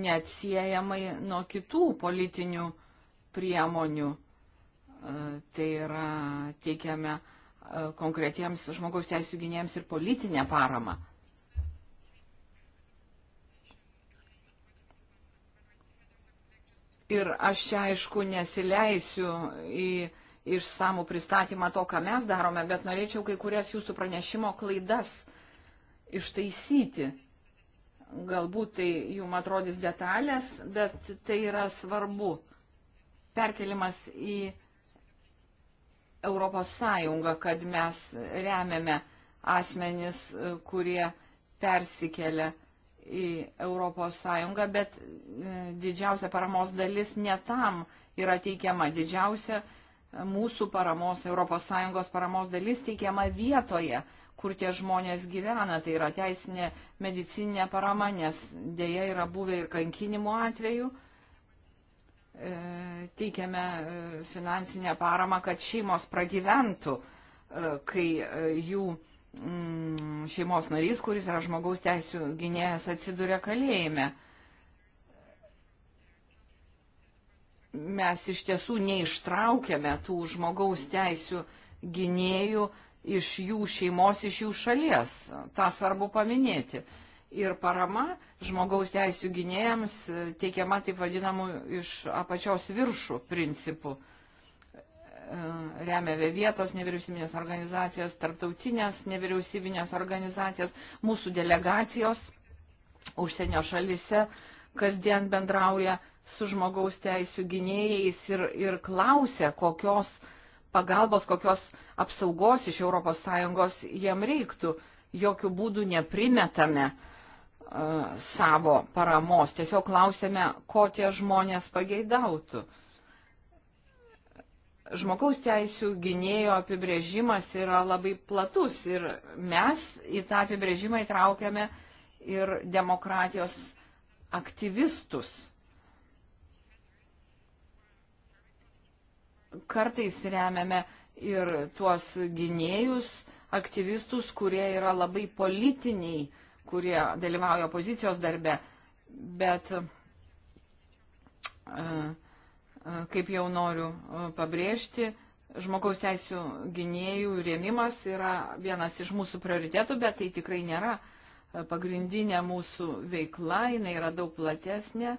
neatsiejamai nuo kitų politinių priemonių. E, tai yra teikiame e, konkretiems žmogaus teisų gynėjams ir politinę paramą. Ir aš čia aišku nesileisiu į išsamų pristatymą to, ką mes darome, bet norėčiau kai kurias jūsų pranešimo klaidas ištaisyti galbūt tai jum atrodys detalės, bet tai yra svarbu. Perkelimas į Europos Sąjungą, kad mes remiame asmenis, e, kurie persikelia į Europos Sąjungą, bet e, didžiausia paramos dalis ne tam yra teikiama. Didžiausia mūsų paramos, Europos Sąjungos paramos dalis teikiama vietoje kur tie žmonės gyvena, tai yra teisinė medicinė parama, nes dėja yra buvę ir kankinimo atveju. E, teikiame e, finansinę paramą, kad šeimos pragyventų, e, kai e, jų mm, šeimos narys, kuris yra žmogaus teisų gynėjas, atsiduria kalėjime. Mes iš tiesų neištraukėme tų žmogaus teisų gynėjų, e, iš jų šeimos, iš jų šalies. Ta svarbu paminėti. Ir parama žmogaus teisų gynėjams e, teikiama taip vadinamų iš apačios viršų principų. E, remia vietos nevyriausybinės organizacijas, tarptautinės nevyriausybinės organizacijas, mūsų delegacijos užsienio šalise kasdien bendrauja su žmogaus teisų gynėjais ir, ir klausia, kokios uh, pagalbos, kokios apsaugos iš ES jam reiktų. Jokių būdų neprimetame uh, savo paramos, tiesiog klausėme, ko tie žmonės pageidautų. Žmogaus teisų gynėjo apibrėžimas yra labai platus ir mes į tą apibrėžimą įtraukiame ir demokratijos aktyvistus kartais remiame ir tuos gynėjus, aktyvistus, kurie yra labai politiniai, kurie dalyvauja opozicijos darbe. Bet, e, e, kaip jau noriu e, pabrėžti, žmogaus teisų gynėjų rėmimas yra vienas iš mūsų prioritetų, bet tai tikrai nėra pagrindinė mūsų veikla, jinai yra daug platesnė.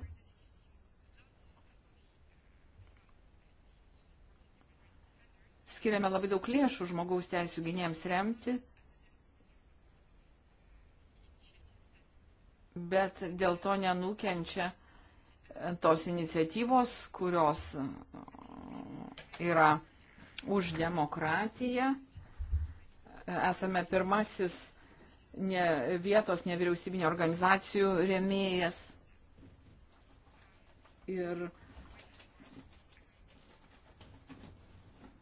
skiriame labai daug lėšų žmogaus teisų gynėjams remti, bet dėl to nenukenčia tos iniciatyvos, kurios yra už demokratiją. Esame pirmasis ne, vietos nevyriausybinio organizacijų remėjas. Ir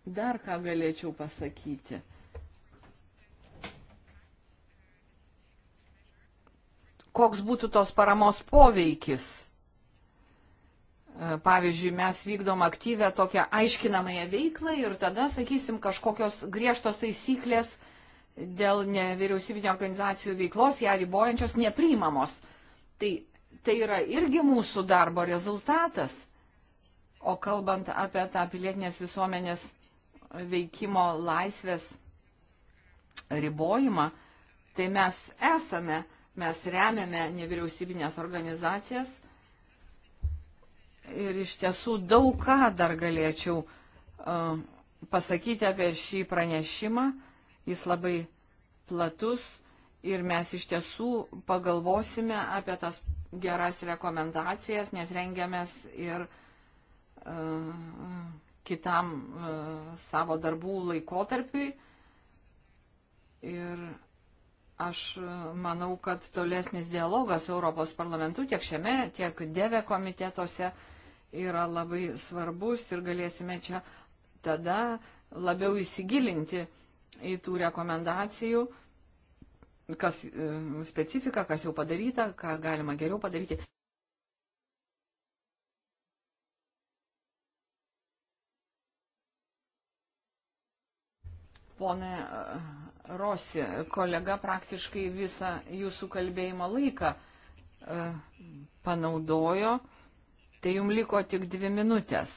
dar ką galėčiau pasakyti. Koks būtų tos paramos poveikis? Pavyzdžiui, mes vykdom aktyvę tokią aiškinamąją veiklą ir tada, sakysim, kažkokios griežtos taisyklės dėl nevyriausybinio organizacijų veiklos, ją ribojančios, nepriimamos. Tai, tai yra irgi mūsų darbo rezultatas. O kalbant apie tą pilietinės visuomenės veikimo laisvės ribojimą, tai mes esame, mes remiame nevyriausybinės organizacijas ir iš tiesų daug ką dar galėčiau uh, pasakyti apie šį pranešimą. Jis labai platus ir mes iš tiesų pagalvosime apie tas geras rekomendacijas, nes rengiamės ir uh, kitam e, savo darbų laikotarpiui. Ir aš e, manau, kad tolesnis dialogas Europos parlamentu tiek šiame, tiek dėve komitetuose yra labai svarbus ir galėsime čia tada labiau įsigilinti į tų rekomendacijų, kas e, specifika, kas jau padaryta, ką galima geriau padaryti. Pone e, Rosi, kolega praktiškai visą jūsų kalbėjimo laiką e, panaudojo, tai jums liko tik dvi minutės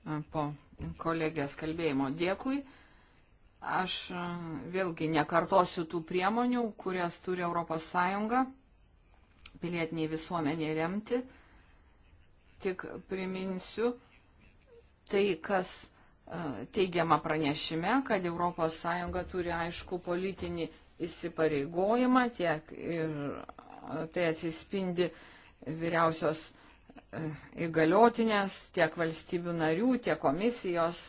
e, po kolegės kalbėjimo. Dėkui. Aš vėlgi nekartosiu tų priemonių, kurias turi ES pilietiniai visuomeniai remti. Tik priminsiu tai, kas E, teigiama pranešime, kad ES turi aišku politinį įsipareigojimą, tiek ir e, tai atsispindi vyriausios e, įgaliotinės, tiek valstybių narių, tiek komisijos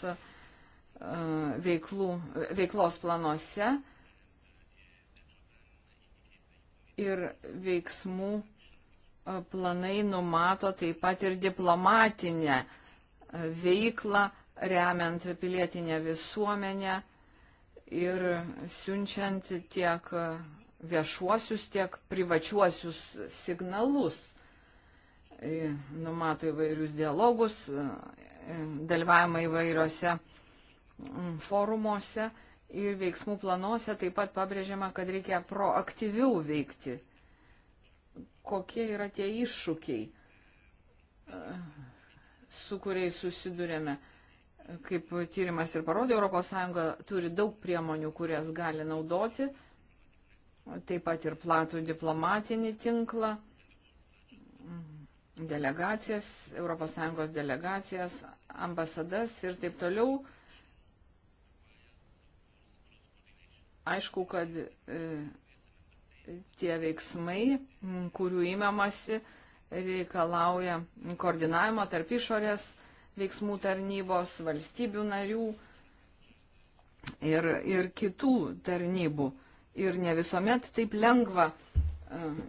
veiklų, veiklos planuose ir veiksmų planai numato taip pat ir diplomatinę veiklą remiant pilietinę visuomenę ir siunčiant tiek viešuosius, tiek privačiuosius signalus. E, numato įvairius dialogus, e, dalyvavimą įvairiose mm, forumuose ir veiksmų planuose taip pat pabrėžiama, kad reikia proaktyviau veikti. Kokie yra tie iššūkiai, e, su kuriais susidurėme? Kaip tyrimas ir parodė, ES turi daug priemonių, kurias gali naudoti, taip pat ir platų diplomatinį tinklą, delegacijas, ES delegacijas, ambasadas ir taip toliau. Aišku, kad e, tie veiksmai, kurių įmamasi, reikalauja koordinavimo tarp išorės veiksmų tarnybos, valstybių narių ir, ir kitų tarnybų. Ir ne visuomet taip lengva uh,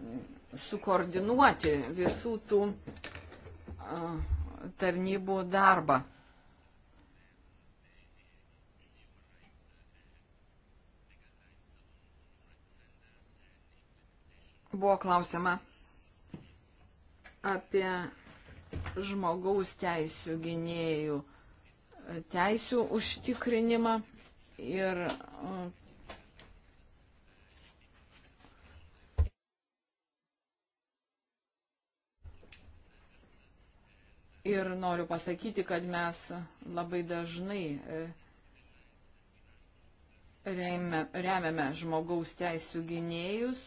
sukoordinuoti visų tų uh, tarnybų darbą. Buvo klausima apie žmogaus teisų gynėjų e, teisų užtikrinimą ir e, Ir noriu pasakyti, kad mes labai dažnai e, remiame žmogaus teisų gynėjus.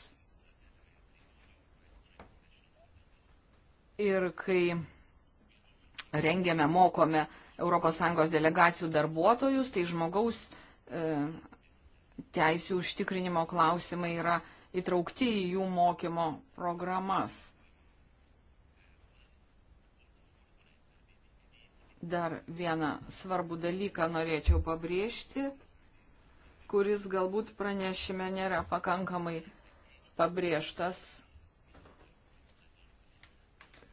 Ir kai rengiame, mokome ES delegacijų darbuotojus, tai žmogaus e, teisų užtikrinimo klausimai yra įtraukti į jų mokymo programas. Dar vieną svarbų dalyką norėčiau pabrėžti, kuris galbūt pranešime nėra pakankamai pabrėžtas.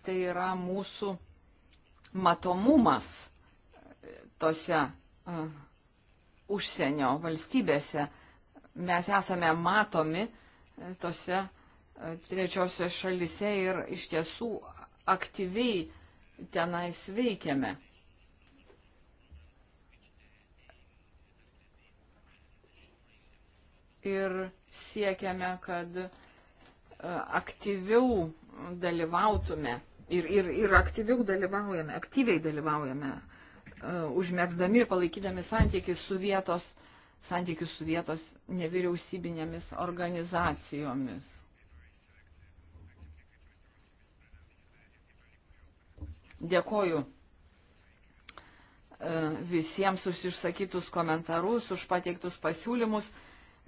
Tai yra mūsų matomumas tose uh, užsienio valstybėse. Mes esame matomi e, tose trečiosios šalise ir iš tiesų aktyviai tenais veikiame. Ir siekiame, kad aktyviau dalyvautume ir, ir, ir aktyviau dalyvaujame, aktyviai dalyvaujame, e, užmėgsdami ir palaikydami santykius su vietos, santykius su vietos nevyriausybinėmis organizacijomis. Dėkoju e, visiems už išsakytus komentarus, už pateiktus pasiūlymies.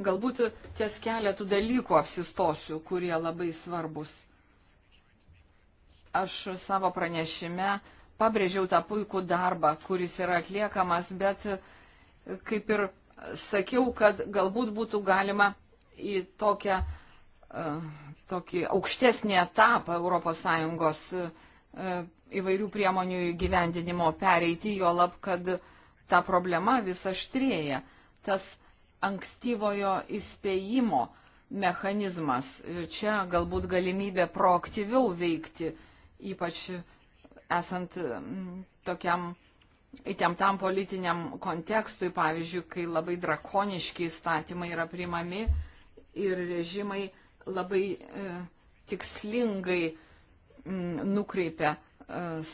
Galbūt ties keletų dalykų apsistosiu, kurie labai svarbus aš savo pranešime pabrėžiau tą puikų darbą, kuris yra atliekamas, bet kaip ir sakiau, kad galbūt būtų galima į tokią, e, tokį aukštesnį etapą ES e, įvairių priemonių įgyvendinimo pereiti, jo lab, kad ta problema vis aštrėja. Tas ankstyvojo įspėjimo mechanizmas, čia galbūt galimybė proaktyviau veikti ypač esant mm, tokiam įtemptam politiniam kontekstui, pavyzdžiui, kai labai drakoniški įstatymai yra primami ir režimai labai e, tikslingai m, mm, nukreipia e,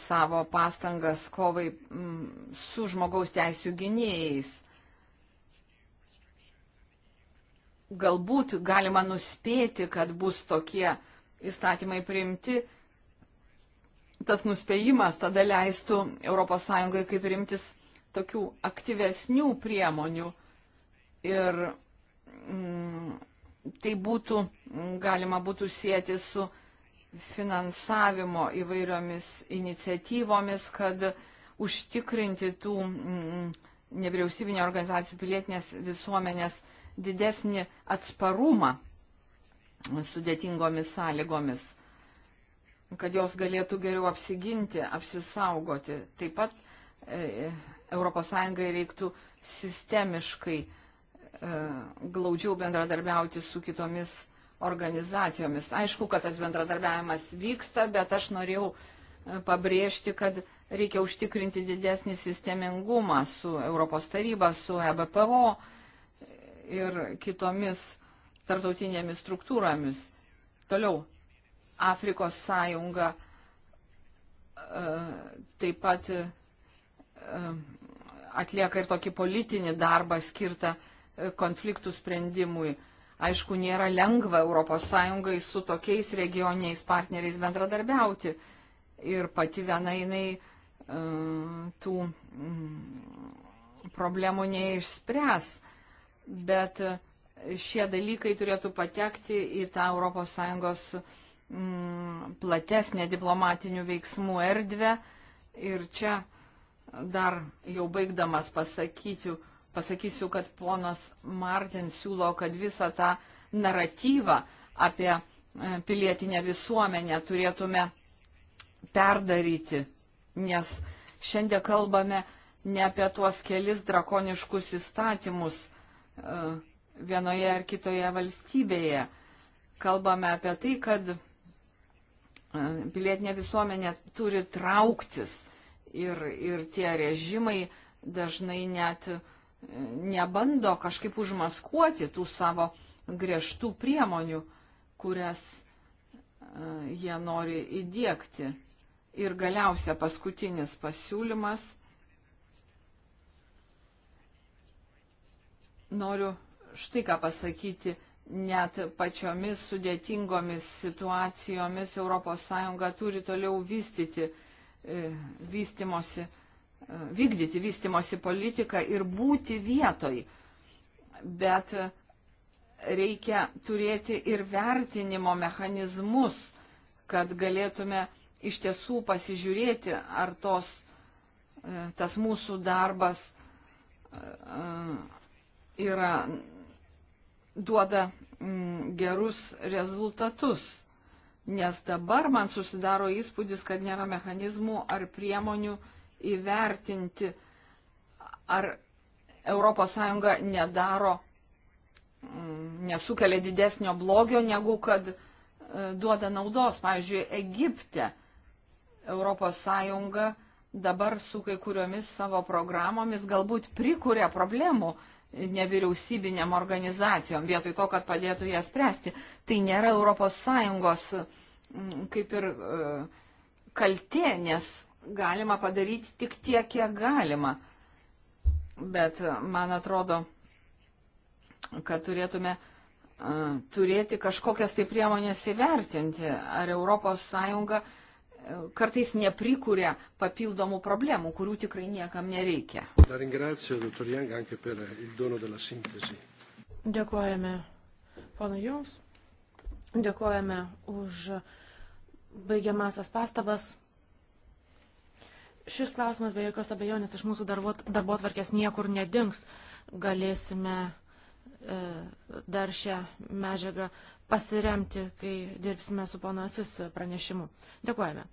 savo pastangas kovai m, mm, su žmogaus teisų gynėjais. Galbūt galima nuspėti, kad bus tokie įstatymai priimti tas nuspėjimas tada leistų ES kaip rimtis tokių aktyvesnių priemonių ir mm, tai būtų, galima būtų sėti su finansavimo įvairiomis iniciatyvomis, kad užtikrinti tų mm, nevyriausybinio organizacijų pilietinės visuomenės didesnį atsparumą sudėtingomis sąlygomis kad jos galėtų geriau apsiginti, apsisaugoti. Taip pat e, ES reiktų sistemiškai e, glaudžiau bendradarbiauti su kitomis organizacijomis. Aišku, kad tas bendradarbiavimas vyksta, bet aš norėjau e, pabrėžti, kad reikia užtikrinti didesnį sistemingumą su Europos taryba, su EBPO ir kitomis tartautinėmis struktūromis. Toliau, Afrikos sąjunga e, taip pat e, atlieka ir tokį politinį darbą skirtą e, konfliktų sprendimui. Aišku, nėra lengva ES su tokiais regioniniais partneriais bendradarbiauti. Ir pati viena jinai tų mm, problemų neišspręs. Bet šie dalykai turėtų patekti į tą ES Mm, platesnę diplomatinių veiksmų erdvę. Ir čia dar jau baigdamas pasakysiu, pasakysiu kad ponas Martin siūlo, kad visą tą naratyvą apie e, pilietinę visuomenę turėtume perdaryti, nes šiandien kalbame ne apie tuos kelis drakoniškus įstatymus e, vienoje ar kitoje valstybėje. Kalbame apie tai, kad pilietinė visuomenė turi trauktis ir, ir tie režimai dažnai net nebando kažkaip užmaskuoti tų savo griežtų priemonių, kurias e, jie nori įdėkti. Ir galiausia paskutinis pasiūlymas. Noriu štai ką pasakyti net pačiomis sudėtingomis situacijomis ES turi toliau vystyti, e, vystimosi, e, vykdyti vystimosi politiką ir būti vietoj. Bet reikia turėti ir vertinimo mechanizmus, kad galėtume iš tiesų pasižiūrėti, ar tos, e, tas mūsų darbas yra duoda mm, gerus rezultatus. Nes dabar man susidaro įspūdis, kad nėra mechanizmų ar priemonių įvertinti, ar ES nedaro, mm, nesukelia didesnio blogio, negu kad e, duoda naudos. Pavyzdžiui, Egipte ES dabar su kai kuriomis savo programomis galbūt prikuria problemų nevyriausybinėm organizacijom, vietoj to, kad padėtų jas spręsti. Tai nėra ES mm, kaip ir e, kaltė, nes galima padaryti tik tiek, kiek galima. Bet e, man atrodo, kad turėtume e, turėti kažkokias tai priemonės įvertinti, ar ES kartais neprikuria papildomų problemų, kurių tikrai niekam nereikia. Dėkojame ponui Jums, dėkojame už baigiamasias pastabas. Šis klausimas be jokios abejonės iš mūsų darbo atvarkės niekur nedings. Galėsime e, dar šią medžiagą pasiremti, kai dirbsime su ponasis pranešimu. Dėkuojame.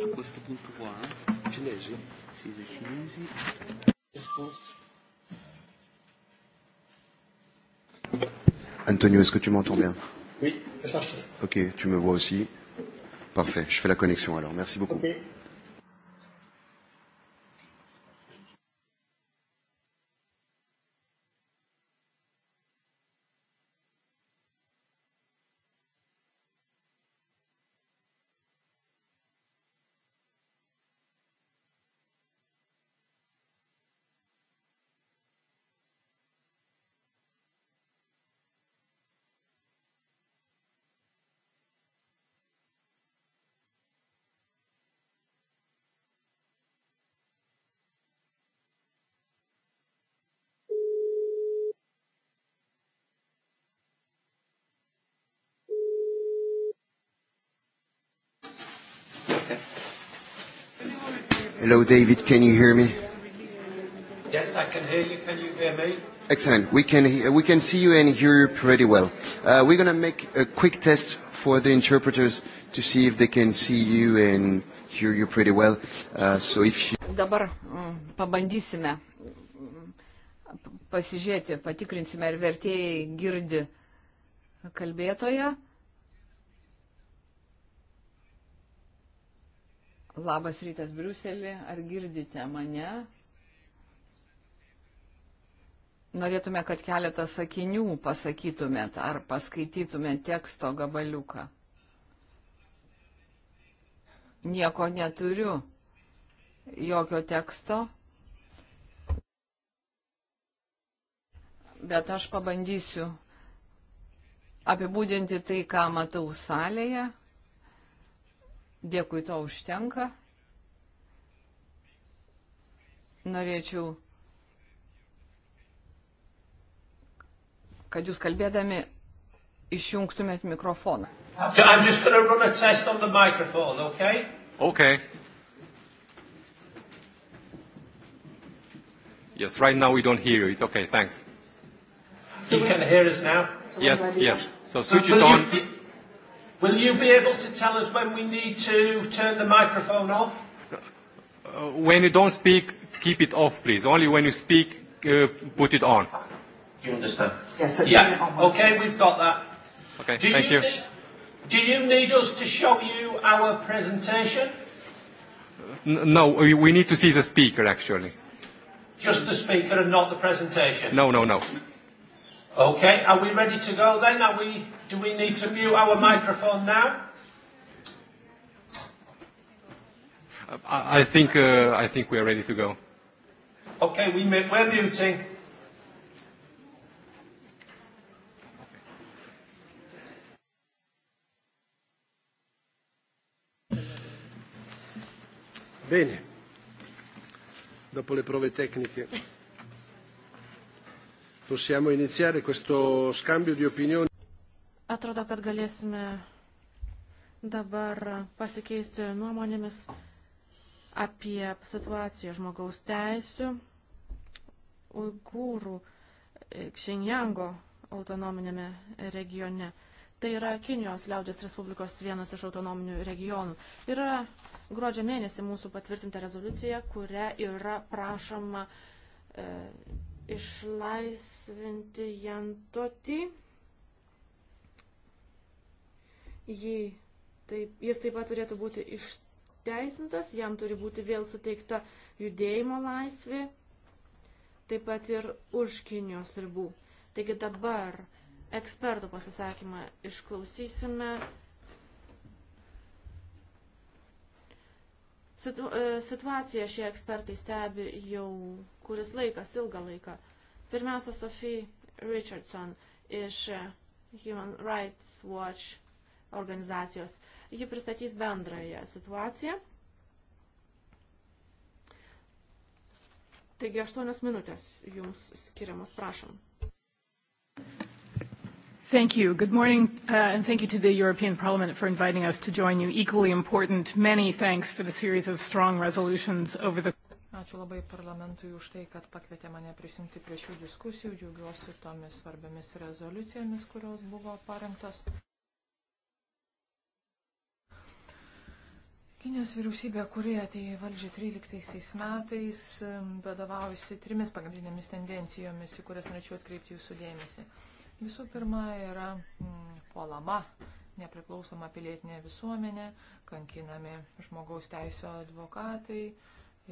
Su questo punto qua, eh? cinesi? Sì, dei cinesi. Antonio, est-ce que tu m'entends bien Oui, c'est ça. Ok, tu me vois aussi. Parfait, je fais la connexion alors. Merci beaucoup. Okay. Hello, David. Can you hear me? Yes, I can hear you. Can you hear me? Excellent. We can, we can see you and hear you pretty well. Uh, we're going to make a quick test for the interpreters to see if they can see you and hear you pretty well. Uh, so if you... Dabar mm, pabandysime pasižiūrėti, patikrinsime, ar vertėjai girdi kalbėtoje. Labas rytas, Briuselį. Ar girdite mane? Norėtume, kad keletą sakinių pasakytumėt ar paskaitytumėt teksto gabaliuką. Nieko neturiu, jokio teksto, bet aš pabandysiu apibūdinti tai, ką matau salėje. Dėkui, to užtenka. Norėčiau, kad jūs kalbėdami išjungtumėt mikrofoną. So I'm just going to run a test on the microphone, okay? Okay. Yes, right now we don't hear you. It's okay, thanks. So you can hear us now? So yes, yes. So switch it on. You, Will you be able to tell us when we need to turn the microphone off? Uh, when you don't speak, keep it off, please. Only when you speak, uh, put it on. Do you understand? Yes. I yeah. Okay, we've got that. Okay. Do thank you. you. Need, do you need us to show you our presentation? No, we need to see the speaker actually. Just the speaker and not the presentation. No, no, no. Okay, are we ready to go then? Are we, do we need to mute our microphone now? I, I think, uh, I think we are ready to go. Okay, we, we're muting. Bene, dopo le prove tecniche possiamo iniziare questo scambio di opinioni. Atrodo, kad galėsime dabar pasikeisti nuomonėmis apie situaciją žmogaus teisių uigūrų Xinjiango e, autonominėme regione. Tai yra Kinijos liaudės Respublikos vienas iš autonominių regionų. Yra gruodžio mėnesį mūsų patvirtinta rezoliucija, kuria yra prašoma e, išlaisvinti Jantotį. Jį taip, jis taip pat turėtų būti išteisintas, jam turi būti vėl suteikta judėjimo laisvė, taip pat ir už Kinijos ribų. Taigi dabar ekspertų pasisakymą išklausysime. Situ e, situaciją šie ekspertai stebi jau kuris laikas, ilgą laiką. Pirmiausia, Sophie Richardson iš Human Rights Watch organizacijos. Ji pristatys bendrąją situaciją. Taigi aštuonios minutės jums skiriamas, prašom. Thank you. Good morning, uh, and thank you to the European Parliament for inviting us to join you. Equally important, many thanks for the series of strong resolutions over the. Ačiū labai parlamentui už tai, kad pakvietė mane prisijungti prie šių diskusijų. Džiaugiuosi tomis svarbiamis rezoliucijomis, kurios buvo parengtos. Kinijos vyriausybė, kurie atėjo į valdžią 13 metais, vadovaujasi trimis pagrindinėmis tendencijomis, į kurias norėčiau atkreipti jūsų dėmesį. Visų pirma, yra mm, puolama nepriklausoma pilietinė visuomenė, kankinami žmogaus teisų advokatai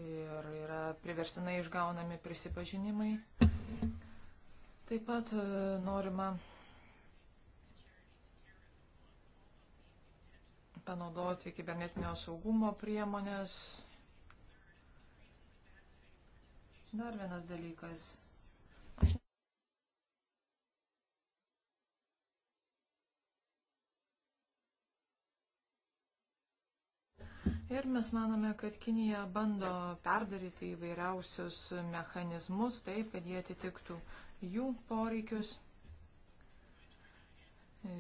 ir yra priverstinai išgaunami prisipažinimai. Taip pat e, norima panaudoti kibernetinio saugumo priemonės. Dar vienas dalykas Ir mes manome, kad Kinija bando perdaryti įvairiausius mechanizmus taip, kad jie atitiktų jų poreikius. E,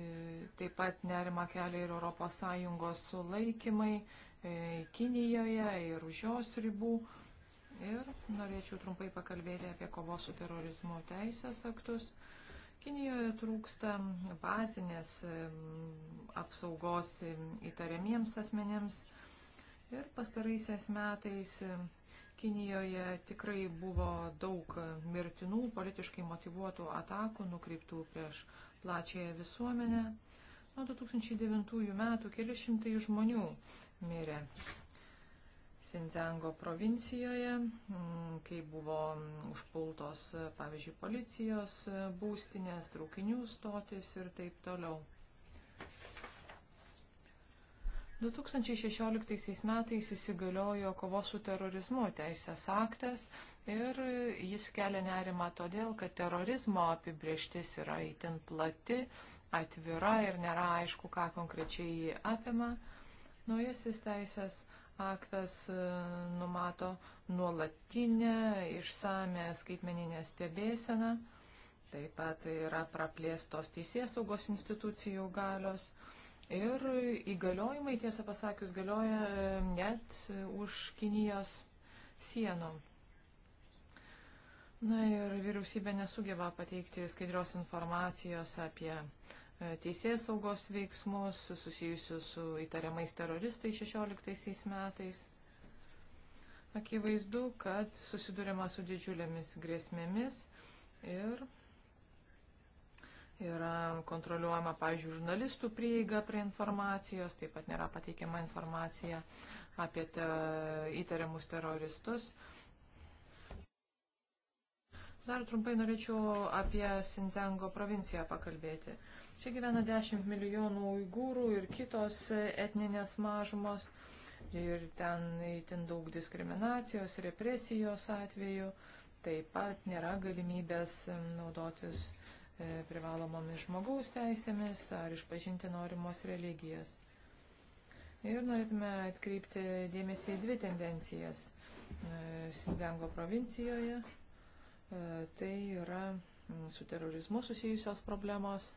taip pat nerima kelia ir ES sulaikymai e, Kinijoje ir už jos ribų. Ir norėčiau trumpai pakalbėti apie kovos su terorizmu teisės aktus. Kinijoje trūksta bazinės apsaugos įtariamiems asmenėms, Ir pastaraisiais metais Kinijoje tikrai buvo daug mirtinų, politiškai motivuotų atakų nukreiptų prieš plačiąją visuomenę. Nuo 2009 metų keli šimtai žmonių mirė Sinzengo provincijoje, mm, kai buvo užpultos, pavyzdžiui, policijos būstinės, traukinių stotis ir taip toliau. 2016 metais įsigaliojo kovos su terorizmu teisės aktas ir jis kelia nerimą todėl, kad terorizmo apibrieštis yra itin plati, atvira ir nėra aišku, ką konkrečiai jį apima. Naujasis teisės aktas e, numato nuolatinę išsamę skaitmeninę stebėseną, taip pat yra praplėstos teisės saugos institucijų galios. Ir įgaliojimai, tiesą pasakius, galioja net už Kinijos sienom. Na ir vyriausybė nesugeba pateikti skaidrios informacijos apie e, teisės saugos veiksmus susijusius su įtariamais teroristais 16 metais. Akivaizdu, kad susidurima su didžiulėmis grėsmėmis ir yra kontroliuojama, pavyzdžiui, žurnalistų prieiga prie informacijos, taip pat nėra pateikiama informacija apie te, įtariamus teroristus. Dar trumpai norėčiau apie Sinzengo provinciją pakalbėti. Čia gyvena 10 milijonų uigūrų ir kitos etninės mažumos. Ir ten įtin daug diskriminacijos, represijos atveju. Taip pat nėra galimybės naudotis E, privalomomis žmogaus teisėmis ar išpažinti norimos religijos. Ir norėtume atkreipti dėmesį į dvi tendencijas Sinzengo e, provincijoje. E, tai yra su terorizmu susijusios problemos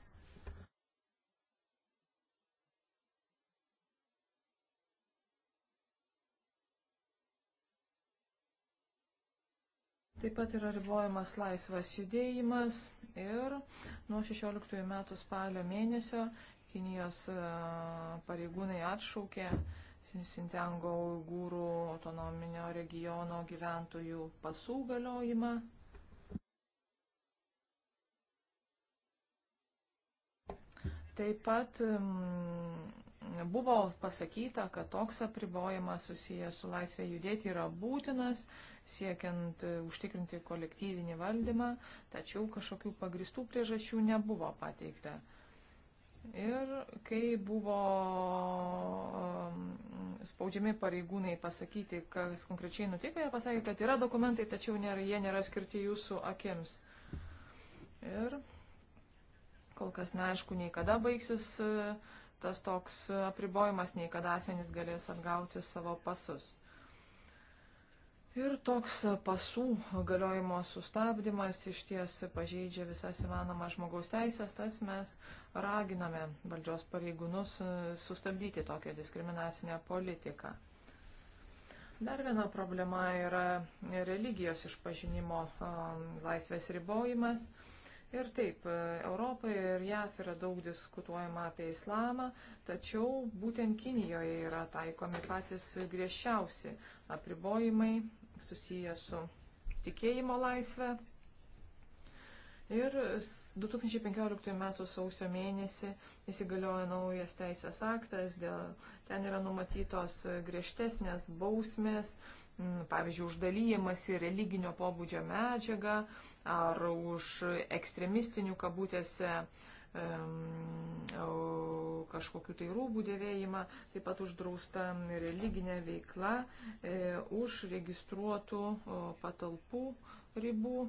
Taip pat yra ribojamas laisvas judėjimas ir nuo 16 metų spalio mėnesio Kinijos e, pareigūnai atšaukė Sinziango uigūrų autonominio regiono gyventojų pasų galiojimą. Taip pat mm, buvo pasakyta, kad toks apribojimas susijęs su laisvė judėti yra būtinas siekiant e, užtikrinti kolektyvinį valdymą, tačiau kažkokių pagristų priežasčių nebuvo pateikta. Ir kai buvo um, spaudžiami pareigūnai pasakyti, kas konkrečiai nutiko, jie pasakė, kad yra dokumentai, tačiau nėra, jie nėra skirti jūsų akims. Ir kol kas neaišku, nei kada baigsis e, tas toks apribojimas, nei kada asmenys galės atgauti savo pasus. Ir toks pasų galiojimo sustabdymas iš ties pažeidžia visas įmanomas žmogaus teisės, tas mes raginame valdžios pareigūnus e, sustabdyti tokią diskriminacinę politiką. Dar viena problema yra religijos išpažinimo e, laisvės ribojimas. Ir taip, e, Europoje ir JAF yra daug diskutuojama apie islamą, tačiau būtent Kinijoje yra taikomi patys griežčiausi apribojimai susiję su tikėjimo laisvė. Ir 2015 m. sausio mėnesį įsigaliojo naujas teisės aktas, dėl, ten yra numatytos griežtesnės bausmės, pavyzdžiui, už dalyjimąsi religinio pobūdžio medžiagą ar už ekstremistinių kabutėse uh, kažkokiu tai rūbų dėvėjimą, taip pat uždrausta religinė veikla e, už registruotų patalpų ribų.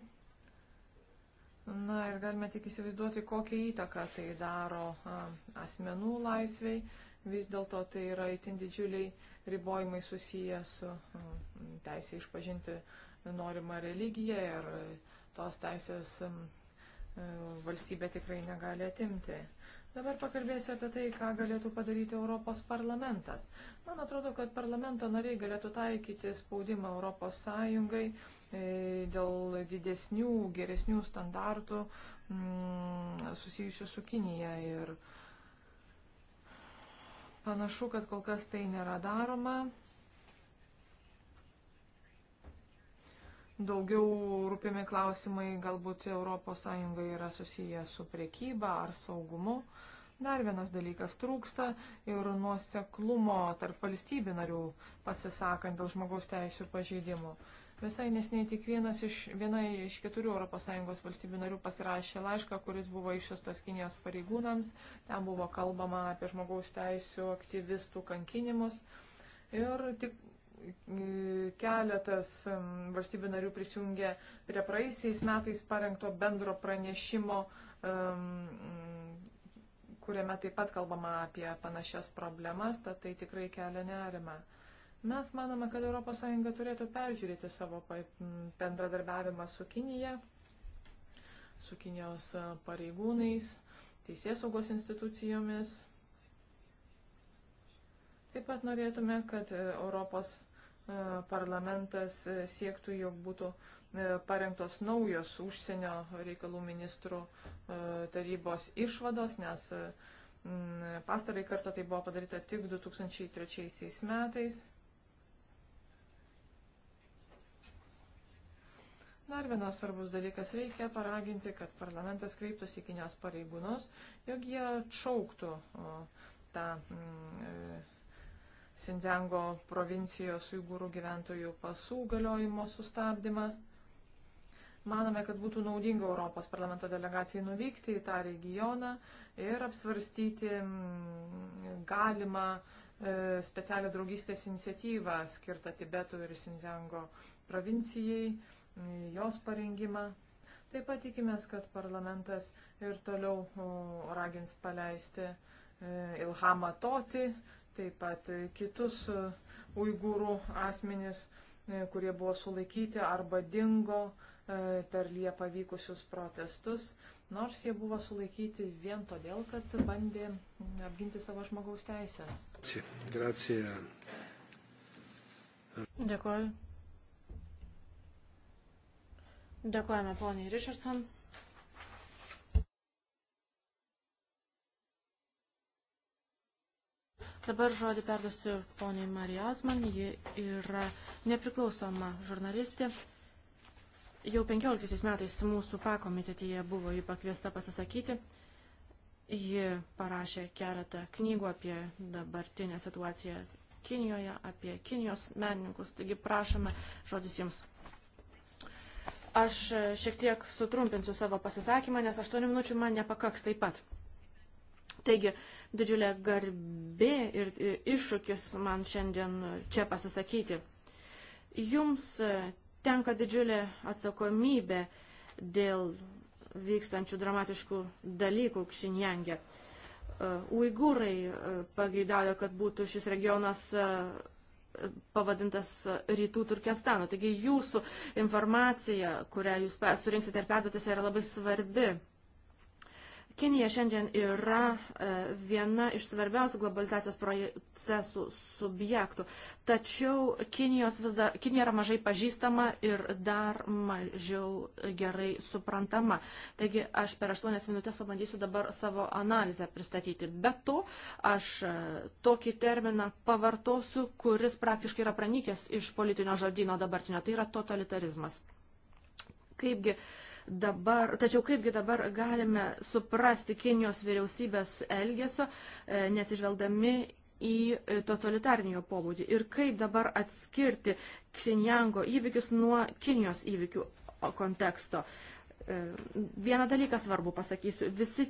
Na ir galime tik įsivaizduoti, kokią įtaką tai daro asmenų laisviai. Vis dėlto tai yra itin didžiuliai ribojimai susiję su teisė išpažinti norimą religiją ir tos teisės E, valstybė tikrai negali atimti. Dabar pakalbėsiu apie tai, ką galėtų padaryti Europos parlamentas. Man atrodo, kad parlamento nariai galėtų taikyti spaudimą Europos Sąjungai e, dėl didesnių, geresnių standartų mm, susijusių su Kinija. Ir panašu, kad kol kas tai nėra daroma. daugiau rūpimi klausimai galbūt ES yra susiję su priekyba ar saugumu. Dar vienas dalykas trūksta ir nuoseklumo tarp valstybių narių pasisakant dėl žmogaus teisų pažeidimų. Visai nesnei tik vienas iš, viena iš keturių ES valstybių narių pasirašė laišką, kuris buvo išsiustas Kinijos pareigūnams. Ten buvo kalbama apie žmogaus teisų aktyvistų kankinimus. Ir tik keletas valstybių narių prisijungė prie praeisiais metais parengto bendro pranešimo, kuriame taip pat kalbama apie panašias problemas, tad tai tikrai kelia nerimą. Mes manome, kad ES turėtų peržiūrėti savo bendradarbiavimą su Kinija, su Kinijos e, pareigūnais, teisės saugos institucijomis. Taip pat norėtume, kad e, Europos E, parlamentas e, siektų, jog būtų e, parengtos naujos užsienio reikalų ministrų tarybos išvados, nes pastarai kartą tai buvo padaryta tik 2003 metais. Dar vienas svarbus dalykas - reikia paraginti, kad parlamentas kreiptųsi į Kinijos pareigūnus, jog jie atšauktų tą. Mm, Sinzengo provincijos uigūrų gyventojų pasų galiojimo sustabdymą. Manome, kad būtų naudinga Europos parlamento delegacijai nuvykti į tą regioną ir apsvarstyti mm, galimą e, specialią draugystės iniciatyvą skirtą Tibetų ir Sinzengo provincijai, mm, jos parengimą. Taip pat tikimės, kad parlamentas ir toliau ragins paleisti e, Ilhamą Toti, taip pat kitus uigūrų asmenis, e, kurie buvo sulaikyti arba dingo e, per Liepą vykusius protestus, nors jie buvo sulaikyti vien todėl, kad bandė apginti savo žmogaus teisės. Gracija. Dėkuoju. Dėkuojame poniai Richardson. Dabar žodį perduosiu poniai Marija Osman, ji yra nepriklausoma žurnalistė. Jau 15 metais mūsų pakomitetyje buvo jį pakviesta pasisakyti. Ji parašė keletą knygų apie dabartinę situaciją Kinijoje, apie Kinijos menininkus. Taigi prašome, žodis jums. Aš e, šiek tiek sutrumpinsiu savo pasisakymą, nes 8 minučių man nepakaks taip pat. Taigi, didžiulė garbė ir iššūkis man šiandien čia pasisakyti. Jums e, tenka didžiulė atsakomybė dėl vykstančių dramatiškų dalykų Kšinjange. Uigūrai e, pageidavo, kad būtų šis regionas e, pavadintas rytų Turkestanu. Taigi jūsų informacija, kurią jūs surinksite ir perduotėse, yra labai svarbi. Kinija šiandien yra e, viena iš svarbiausių globalizacijos procesų subjektų, tačiau Kinijos vis dar, Kinija yra mažai pažįstama ir dar mažiau gerai suprantama. Taigi aš per aštuonias minutės pabandysiu dabar savo analizę pristatyti. Be to, aš e, tokį terminą pavartosiu, kuris praktiškai yra pranykęs iš politinio žodino dabartinio, tai yra totalitarizmas. Kaipgi uh, dabar, tačiau kaipgi dabar galime suprasti Kinijos vyriausybės elgesio, e, neatsižvelgdami į e, totalitarnio pobūdį ir kaip dabar atskirti Xinjiango įvykius nuo Kinijos įvykių konteksto. E, vieną dalyką svarbu pasakysiu. Visi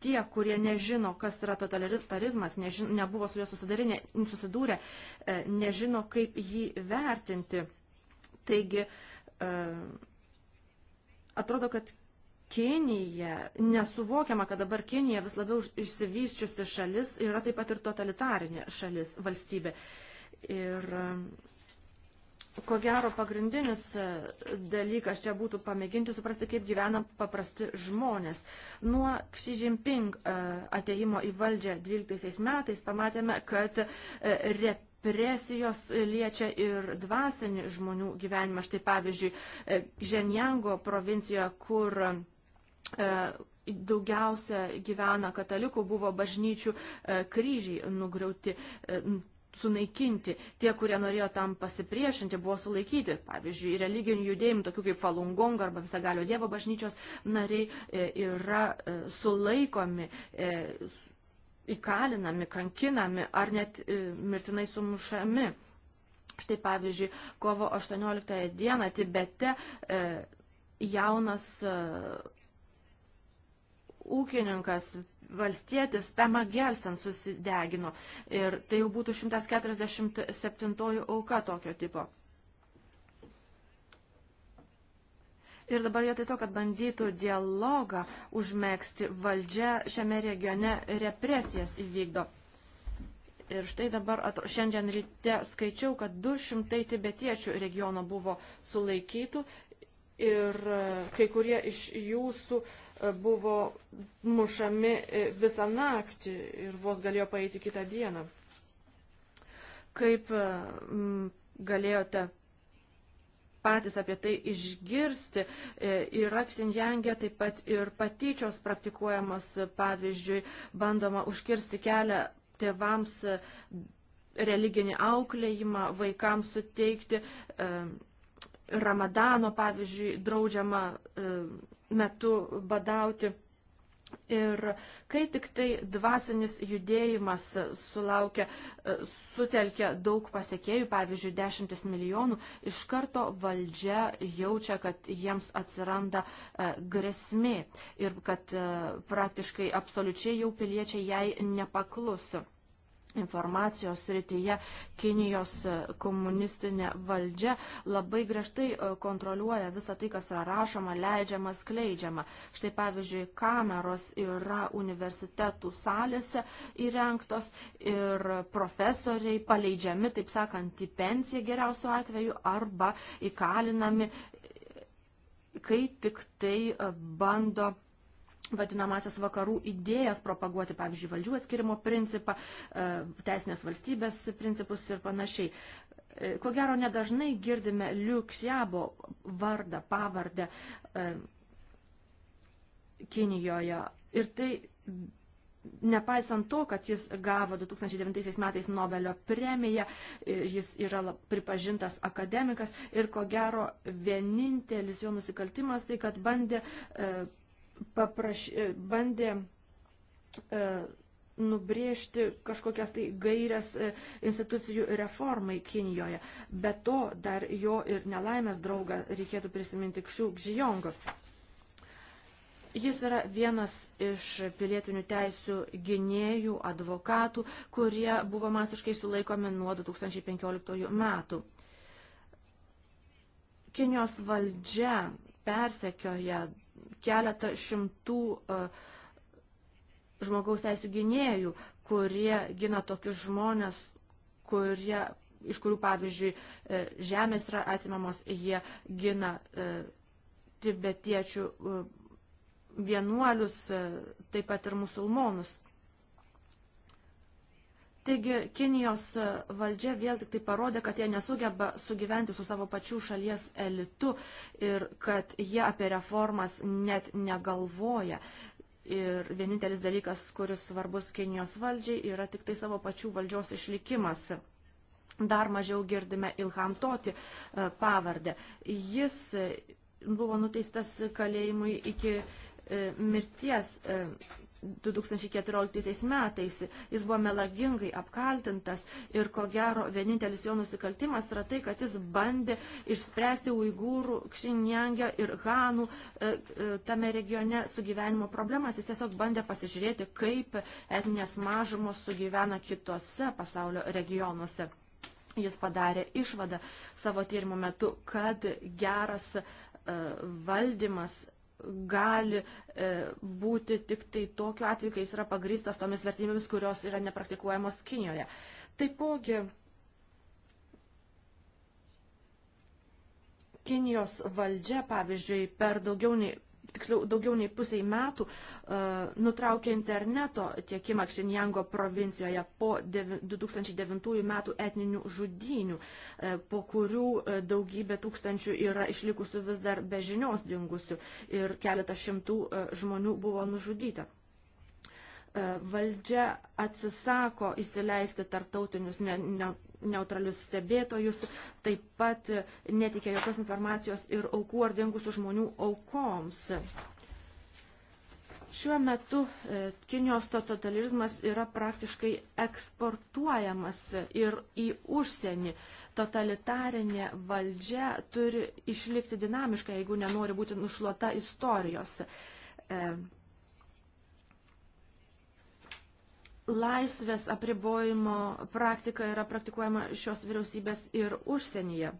tie, kurie nežino, kas yra totalitarizmas, nežino, nebuvo su juo susidūrę, nežino, kaip jį vertinti. Taigi, uh, atrodo, kad Kinija, nesuvokiama, kad dabar Kinija vis labiau išsivysčiusi šalis yra taip pat ir totalitarinė šalis, valstybė. Ir e, ko gero pagrindinis e, dalykas čia būtų pamėginti suprasti, kaip gyvena paprasti žmonės. Nuo Xi Jinping e, ateimo į valdžią 12 metais pamatėme, kad rep represijos liečia ir dvasinį žmonių gyvenimą. Štai pavyzdžiui, Ženjango e, provincijoje, kur e, daugiausia gyvena katalikų, buvo bažnyčių e, kryžiai nugriauti sunaikinti. Tie, kurie norėjo tam pasipriešinti, buvo sulaikyti. Pavyzdžiui, religinių judėjimų, tokių kaip Falungong arba Visagalio Dievo bažnyčios nariai yra sulaikomi įkalinami, kankinami ar net e, mirtinai sumušami. Štai pavyzdžiui, kovo 18 dieną Tibete e, jaunas e, ūkininkas valstietis Pema Gelsen susidegino ir tai jau būtų 147 auka tokio tipo. Ir dabar vietoj to, kad bandytų dialogą užmėgsti, valdžia šiame regione represijas įvykdo. Ir štai dabar, šiandien ryte skaičiau, kad 200 tibetiečių regiono buvo sulaikytų ir e, kai kurie iš jūsų e, buvo mušami e, visą naktį ir vos galėjo paeiti kitą dieną. Kaip galėjote patys apie tai išgirsti. E, Yra Xinjiangė taip pat ir patyčios praktikuojamos, pavyzdžiui, bandoma užkirsti kelią tėvams e, religinį auklėjimą, vaikams suteikti e, ramadano, pavyzdžiui, draudžiama metu badauti. Ir kai tik tai dvasinis judėjimas sulaukia, e, sutelkia daug pasiekėjų, pavyzdžiui, dešimtis milijonų, iš karto valdžia jaučia, kad jiems atsiranda e, grėsmė ir kad e, praktiškai absoliučiai jau piliečiai jai nepaklusi informacijos srityje Kinijos komunistinė valdžia labai griežtai e, kontroliuoja visą tai, kas yra rašoma, leidžiama, skleidžiama. Štai pavyzdžiui, kameros yra universitetų salėse įrengtos ir profesoriai paleidžiami, taip sakant, į pensiją geriausiu atveju arba įkalinami, kai tik tai bando vadinamasias vakarų idėjas propaguoti, pavyzdžiui, valdžių atskirimo principą, e, teisinės valstybės principus ir panašiai. E, ko gero, nedažnai girdime Liuksjabo vardą, pavardę e, Kinijoje. Ir tai nepaisant to, kad jis gavo 2009 metais Nobelio premiją, jis yra pripažintas akademikas ir ko gero vienintelis jo nusikaltimas tai, kad bandė papraš, e, bandė e, nubrėžti kažkokias tai gairias e, institucijų reformai Kinijoje. Be to dar jo ir nelaimės draugą reikėtų prisiminti Kšių Gžijongo. Jis yra vienas iš pilietinių teisių gynėjų, advokatų, kurie buvo masiškai sulaikomi nuo 2015 metų. Kinijos valdžia persekioja keletą šimtų e, žmogaus teisų gynėjų, kurie gina tokius žmonės, kurie, iš kurių, pavyzdžiui, e, žemės yra atimamos, jie gina e, tibetiečių vienuolius, taip pat ir musulmonus. Taigi Kinijos valdžia vėl tik tai parodė, kad jie nesugeba sugyventi su savo pačių šalies elitu ir kad jie apie reformas net negalvoja. Ir vienintelis dalykas, kuris svarbus Kinijos valdžiai, yra tik tai savo pačių valdžios išlikimas. Dar mažiau girdime Ilham Toti e, pavardę. Jis e, buvo nuteistas kalėjimui iki e, mirties 2014 metais. Jis buvo melagingai apkaltintas ir ko gero vienintelis jo nusikaltimas yra tai, kad jis bandė išspręsti uigūrų, kšinjangio ir hanų e, e, tame regione sugyvenimo problemas. Jis tiesiog bandė pasižiūrėti, kaip etninės mažumos sugyvena kitose pasaulio regionuose. Jis padarė išvadą savo tyrimų metu, kad geras e, valdymas gali e, būti tik tai tokiu atveju, kai jis yra pagrįstas tomis vertybėmis, kurios yra nepraktikuojamos Kinijoje. Taipogi, Kinijos valdžia, pavyzdžiui, per daugiau nei tiksliau daugiau nei pusiai metų uh, nutraukė interneto tiekimą Xinjiango provincijoje po 2009 metų etninių žudynių, uh, po kurių uh, daugybė tūkstančių yra išlikusių vis dar be žinios dingusių ir keletas šimtų žmonių buvo nužudyta. Valdžia atsisako įsileisti tarptautinius ne, ne, neutralius stebėtojus, taip pat netikė jokios informacijos ir aukų ar dingusių žmonių aukoms. Šiuo metu e, Kinijos totalitarizmas yra praktiškai eksportuojamas ir į užsienį. Totalitarinė valdžia turi išlikti dinamiška, jeigu nenori būti nušluota istorijos. E, laisvės apribojimo praktika yra praktikuojama šios vyriausybės ir užsienyje.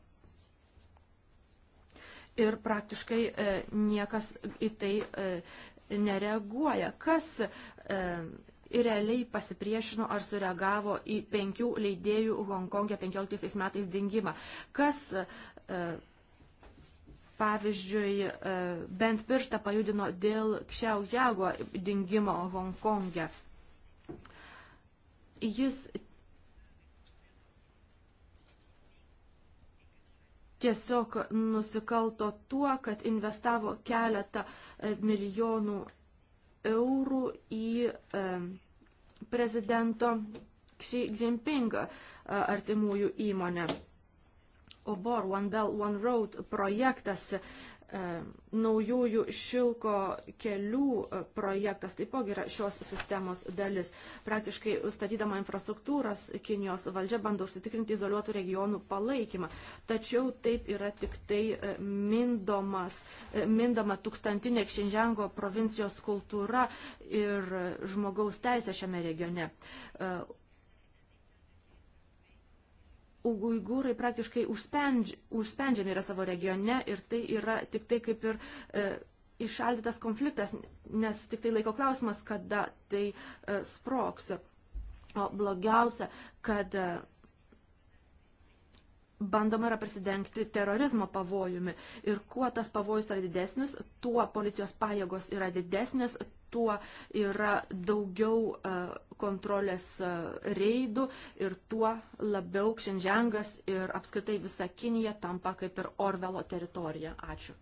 Ir praktiškai e, niekas į tai e, nereaguoja. Kas e, realiai pasipriešino ar sureagavo į penkių leidėjų Hongkongė 15 metais dingimą? Kas, e, pavyzdžiui, e, bent pirštą pajudino dėl Kšiaužiago dingimo Hongkongė? E? Jis tiesiog nusikalto tuo, kad investavo keletą e, milijonų eurų į e, prezidento Xi Jinpingą e, artimųjų įmonę. OBOR One Bell One Road projektas E, naujųjų šilko kelių e, projektas taipogi yra šios sistemos dalis. Praktiškai statydama infrastruktūras Kinijos valdžia bando užsitikrinti izoliuotų regionų palaikymą. Tačiau taip yra tik tai e, mindomas, mindoma tūkstantinė Kšinžiango provincijos kultūra ir žmogaus teisė šiame regione uigūrai praktiškai užspendž, užspendžiami yra savo regione ir tai yra tik tai kaip ir e, išaldytas konfliktas, nes tik tai laiko klausimas, kada tai e, sproks. O blogiausia, kad e, bandoma yra prisidengti terorizmo pavojumi. Ir kuo tas pavojus yra didesnis, tuo policijos pajėgos yra didesnis, tuo yra daugiau e, kontrolės e, reidų ir tuo labiau Kšinžiangas ir apskritai visa Kinija tampa kaip ir Orvelo teritorija. Ačiū.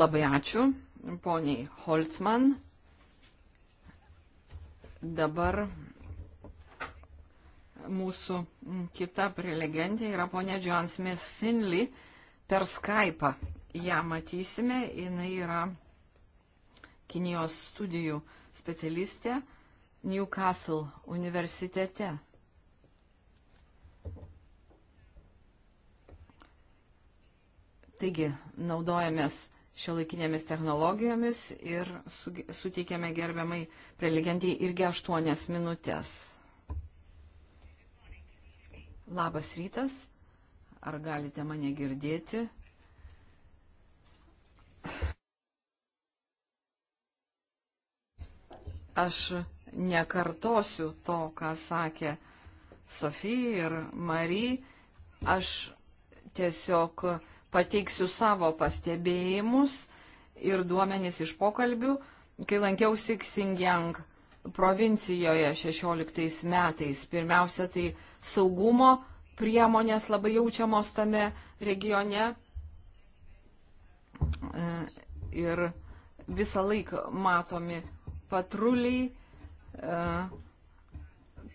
Labai ačiū, poniai Holtzman. Dabar mūsų kita prelegentė yra ponia John Smith Finley per Skype. Ją matysime, jinai yra Kinijos studijų specialistė Newcastle universitete. Taigi, naudojamės šio laikinėmis technologijomis ir suteikėme gerbiamai prelegentiai irgi aštuonias minutės. Labas rytas, ar galite mane girdėti? Aš nekartosiu to, ką sakė Sofija ir Marija. Aš tiesiog pateiksiu savo pastebėjimus ir duomenys iš pokalbių, kai lankiausi Xinjiang provincijoje 16 metais. Pirmiausia, tai saugumo priemonės labai jaučiamos tame regione. E, ir visą laiką matomi patruliai, e,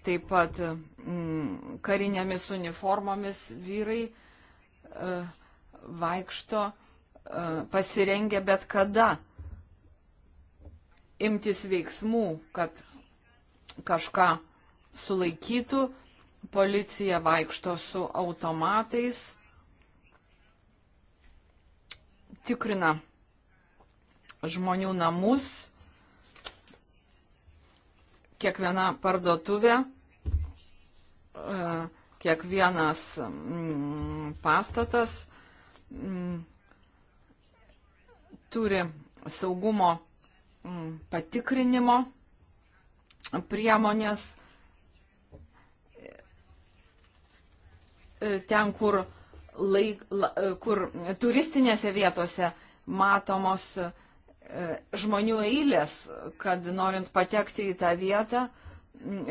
taip pat mm, karinėmis uniformomis vyrai e, vaikšto e, pasirengę bet kada imtis veiksmų, kad kažką sulaikytų. Policija vaikšto su automatais, tikrina žmonių namus, kiekviena parduotuvė, e, kiekvienas mm, pastatas mm, turi saugumo mm, patikrinimo priemonės e, ten, kur, laik, e, kur turistinėse vietose matomos uh, E, žmonių eilės, kad norint patekti į tą vietą,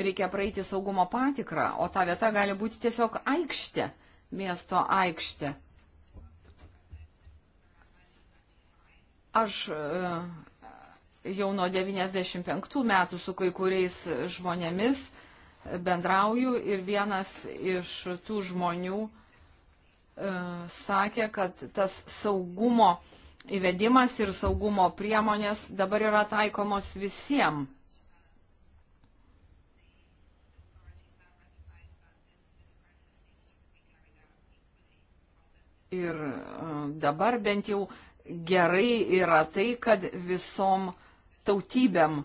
reikia praeiti saugumo patikrą, o ta vieta gali būti tiesiog aikštė, miesto aikštė. Aš e, jau nuo 95 metų su kai kuriais žmonėmis bendrauju ir vienas iš tų žmonių e, sakė, kad tas saugumo uh, įvedimas ir saugumo priemonės dabar yra taikomos visiems. Ir e, dabar bent jau gerai yra tai, kad visom tautybėm e,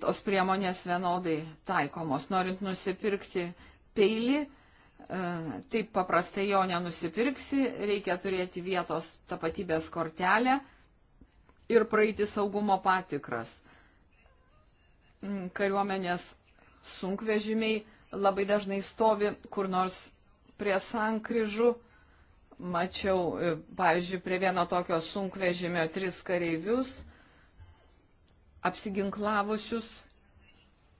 tos priemonės vienodai taikomos. Norint nusipirkti peilį, E, taip paprastai jo nenusipirksi, reikia turėti vietos tapatybės kortelę ir praeiti saugumo patikras. Mm, kariuomenės sunkvežimiai labai dažnai stovi kur nors prie sankryžų. Mačiau, e, pavyzdžiui, prie vieno tokio sunkvežimio tris kareivius apsiginklavusius.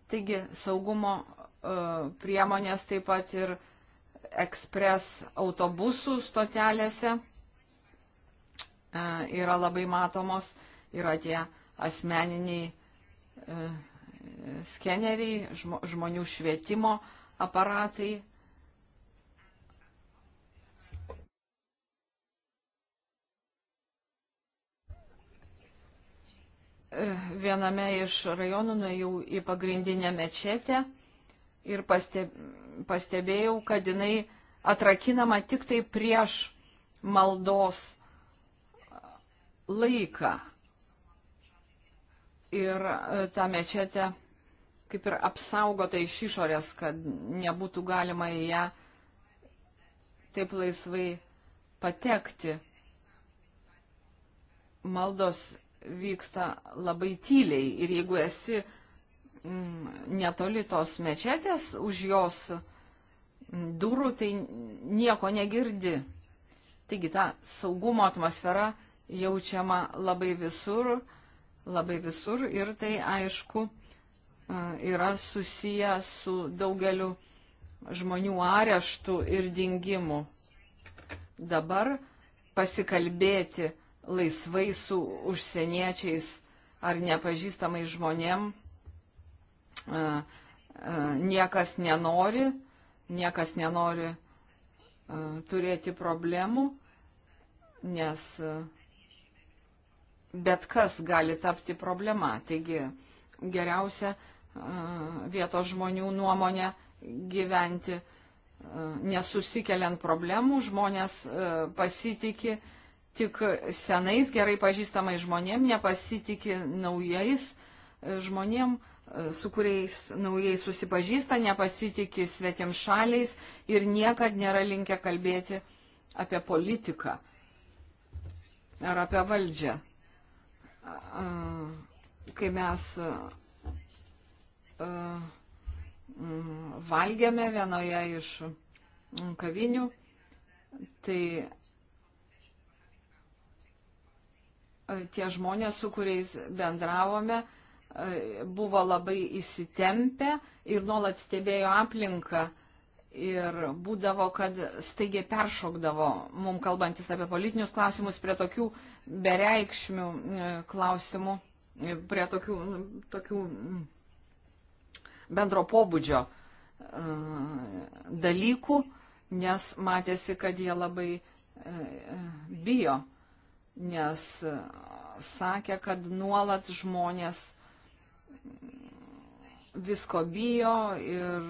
Taigi saugumo e, priemonės taip pat ir uh, ekspres autobusų stotelėse e, yra labai matomos, yra tie asmeniniai e, skeneriai, žmonių švietimo aparatai. E, viename iš rajonų nuėjau į pagrindinę mečetę ir pastebėjau, pastebėjau, kad jinai atrakinama tik tai prieš maldos laiką. Ir e, tą mečetę kaip ir apsaugota iš išorės, kad nebūtų galima į ją taip laisvai patekti. Maldos vyksta labai tyliai ir jeigu esi Mm, netoli tos mečetės, už jos durų tai nieko negirdi. Taigi ta saugumo atmosfera jaučiama labai visur, labai visur ir tai aišku e, yra susiję su daugeliu žmonių areštų ir dingimų. Dabar pasikalbėti laisvai su užsieniečiais ar nepažįstamais žmonėm niekas nenori, niekas nenori turėti problemų, nes bet kas gali tapti problema. Taigi geriausia vietos žmonių nuomonė gyventi nesusikeliant problemų, žmonės pasitikė tik senais gerai pažįstamais žmonėm, nepasitikė naujais e, žmonėm, su kuriais naujai susipažįsta, nepasitikė svetim šaliais ir niekad nėra linkę kalbėti apie politiką ar apie valdžią. Kai mes valgėme vienoje iš kavinių, tai tie žmonės, su kuriais bendravome, buvo labai įsitempę ir nuolat stebėjo aplinką ir būdavo, kad staigiai peršokdavo, mum kalbantis apie politinius klausimus, prie tokių bereikšmių e, klausimų, e, prie tokių, tokių bendro pobūdžio e, dalykų, nes matėsi, kad jie labai bijo, nes sakė, kad nuolat žmonės visko bijo ir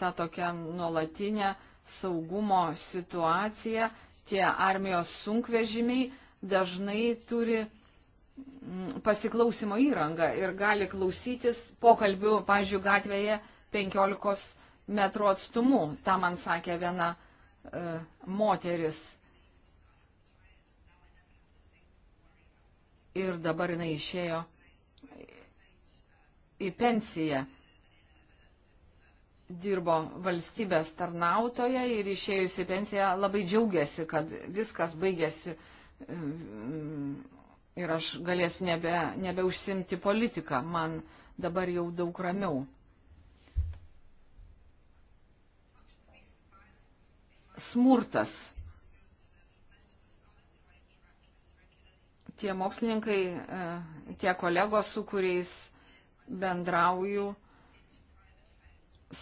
ta tokia nuolatinė saugumo situacija, tie armijos sunkvežimiai dažnai turi mm, pasiklausimo įrangą ir gali klausytis pokalbių, pažiūrėjau, gatvėje 15 metrų atstumu. Ta man sakė viena e, moteris. ir dabar jinai išėjo į pensiją. Dirbo valstybės tarnautoje ir išėjusi į pensiją labai džiaugiasi, kad viskas baigėsi mm, ir aš galėsiu nebe, nebeužsimti politiką. Man dabar jau daug ramiau. Smurtas tie mokslininkai, e, tie kolegos, su kuriais bendrauju,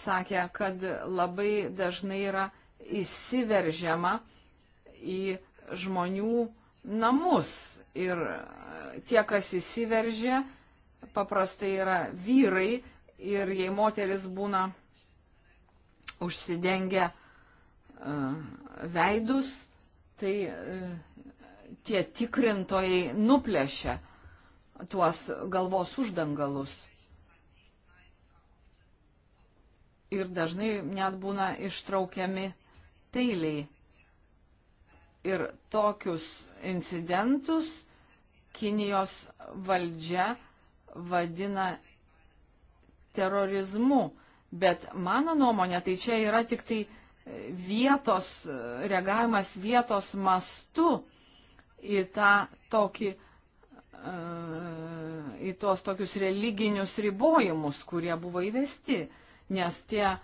sakė, kad labai dažnai yra įsiveržiama į žmonių namus. Ir e, tie, kas įsiveržia, paprastai yra vyrai ir jei moteris būna užsidengę e, veidus, tai tie tikrintojai nuplešia tuos galvos uždangalus. Ir dažnai net būna ištraukiami peiliai. Ir tokius incidentus Kinijos valdžia vadina terorizmu. Bet mano nuomonė, tai čia yra tik tai vietos, reagavimas vietos mastu į tą tokį e, į tuos tokius religinius ribojimus, kurie buvo įvesti, nes tie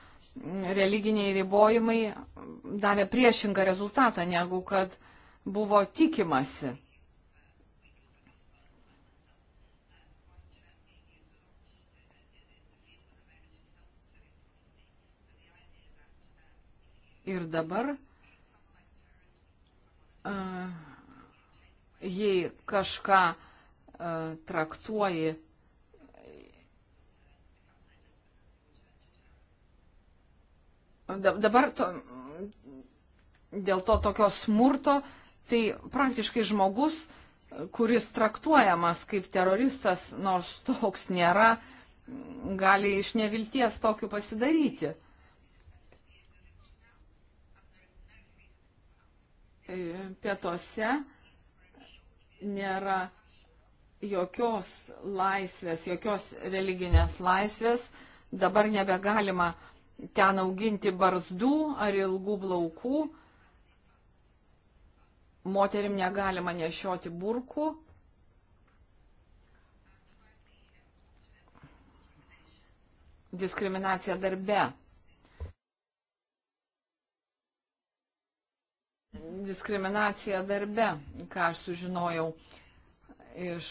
religiniai ribojimai davė priešingą rezultatą, negu kad buvo tikimasi. Ir dabar uh, jei kažką uh, traktuoji dabar to, dėl to tokio smurto, tai praktiškai žmogus, kuris traktuojamas kaip teroristas, nors toks nėra, gali iš nevilties tokiu pasidaryti. E, pietuose nėra jokios laisvės, jokios religinės laisvės, dabar nebegalima ten auginti barzdų ar ilgų plaukų, moterim negalima nešioti burkų. Diskriminacija darbe diskriminacija darbe, ką aš sužinojau iš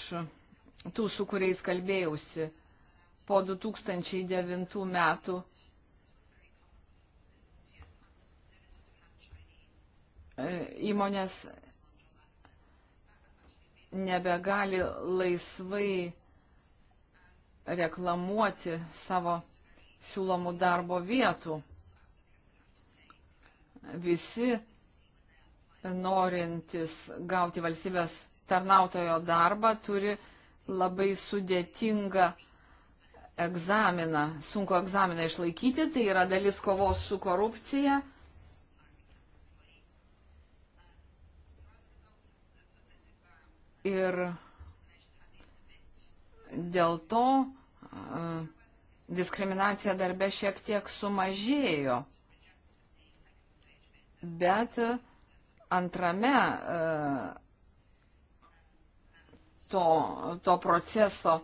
tų, su kuriais kalbėjausi po 2009 metų. E, įmonės nebegali laisvai reklamuoti savo siūlomų darbo vietų. Visi norintis gauti valstybės tarnautojo darbą, turi labai sudėtingą egzaminą, sunku egzaminą išlaikyti, tai yra dalis kovos su korupcija. Ir dėl to diskriminacija darbe šiek tiek sumažėjo. Bet uh, antrame e, to, to proceso,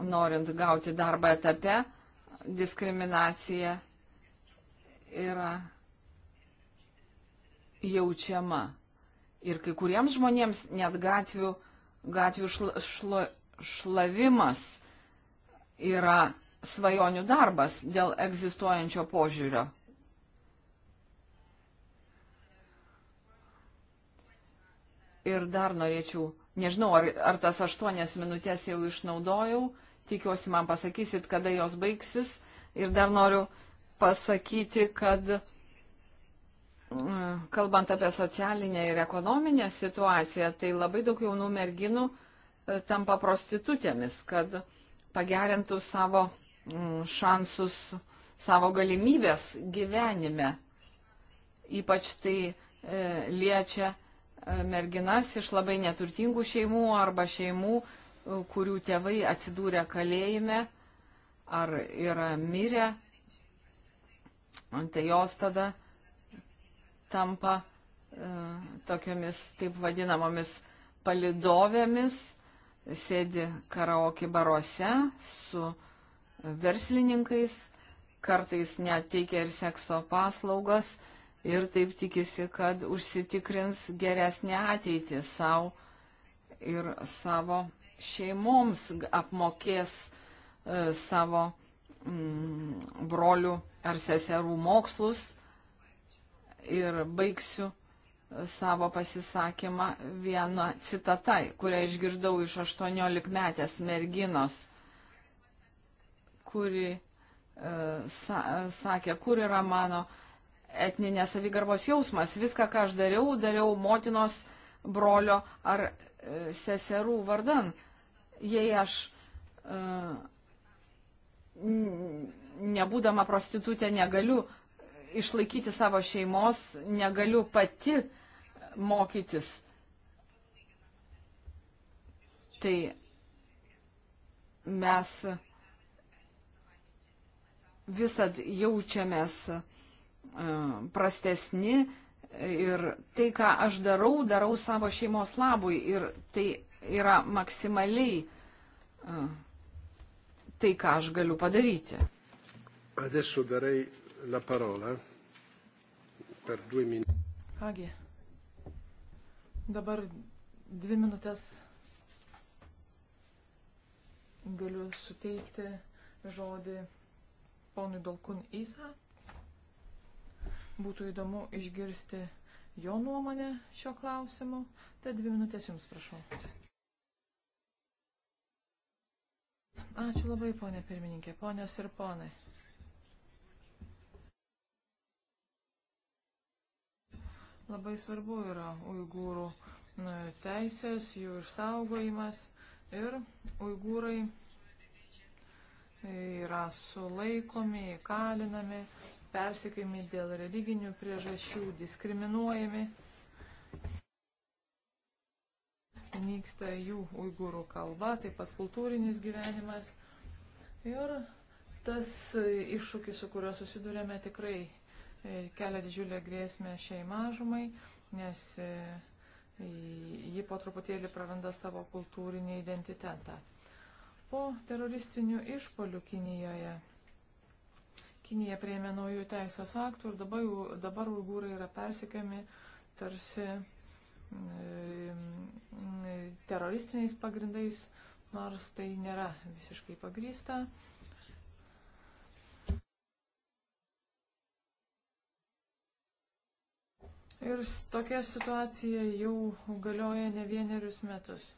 norint gauti darbą etape, diskriminacija yra jaučiama. Ir kai kuriems žmonėms net gatvių, gatvių šla, šla, šlavimas yra svajonių darbas dėl egzistuojančio požiūrio. Ir dar norėčiau, nežinau, ar, ar tas aštuonias minutės jau išnaudojau, tikiuosi man pasakysit, kada jos baigsis. Ir dar noriu pasakyti, kad mm, kalbant apie socialinę ir ekonominę situaciją, tai labai daug jaunų merginų e, tampa prostitutėmis, kad pagerintų savo mm, šansus, savo galimybės gyvenime. Ypač tai e, liečia E, merginas iš labai neturtingų šeimų arba šeimų, e, kurių tėvai atsidūrė kalėjime ar yra mirę. Tai jos tada tampa e, tokiamis taip vadinamomis palidovėmis, sėdi karaoke baruose su verslininkais, kartais net teikia ir sekso paslaugas, ir taip tikisi, kad užsitikrins geresnį ateitį savo ir savo šeimoms apmokės e, savo mm, brolių ar seserų mokslus. Ir baigsiu e, savo pasisakymą vieną citatą, kurią išgirdau iš 18 metės merginos, kuri e, sa, sakė, kur yra mano etninės savigarbos jausmas. Viską, ką aš dariau, dariau motinos, brolio ar e, seserų vardan. Jei aš e, nebūdama prostitutė negaliu išlaikyti savo šeimos, negaliu pati mokytis. Tai mes visad jaučiamės uh, E, prastesni ir tai, ką aš darau, darau savo šeimos labui ir tai yra maksimaliai e, tai, ką aš galiu padaryti. Adesso darei la parola per due minuti. Kągi, dabar dvi minutės galiu suteikti žodį ponui Dolkun Isa. Būtų įdomu išgirsti jo nuomonę šiuo klausimu. Tad dvi minutės jums prašau. Ačiū labai, ponė pirmininkė, ponės ir ponai. Labai svarbu yra uigūrų teisės, jų išsaugojimas ir uigūrai yra sulaikomi, įkalinami, persekiojami dėl religinių priežasčių, diskriminuojami, nyksta jų uigūrų kalba, taip pat kultūrinis gyvenimas. Ir tas iššūkis, su kuriuo susidurėme, tikrai e, kelia didžiulę grėsmę šiai mažumai, nes e, ji po truputėlį praranda savo kultūrinį identitetą. Po teroristinių išpolių Kinijoje Kinija prieėmė naujų teisės aktų ir dabar, dabar uigūrai yra persikiami tarsi e, e, teroristiniais pagrindais, nors tai nėra visiškai pagrysta. Ir tokia situacija jau galioja ne vienerius metus.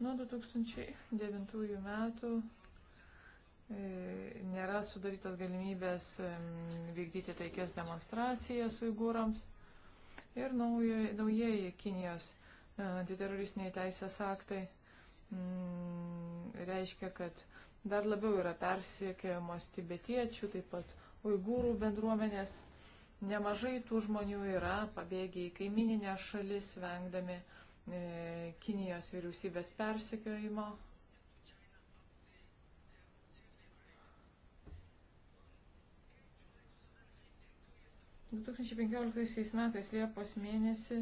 Nuo 2009 metų E, nėra sudarytas galimybės vykdyti taikės demonstracijas uigūrams. Ir naujieji Kinijos e, antiteroristiniai teisės aktai m, mm, reiškia, kad dar labiau yra persiekėjamos tibetiečių, taip pat uigūrų bendruomenės. Nemažai tų žmonių yra pabėgę į kaimininę šalis, vengdami e, Kinijos vyriausybės persiekėjimo. 2015 metais Liepos mėnesį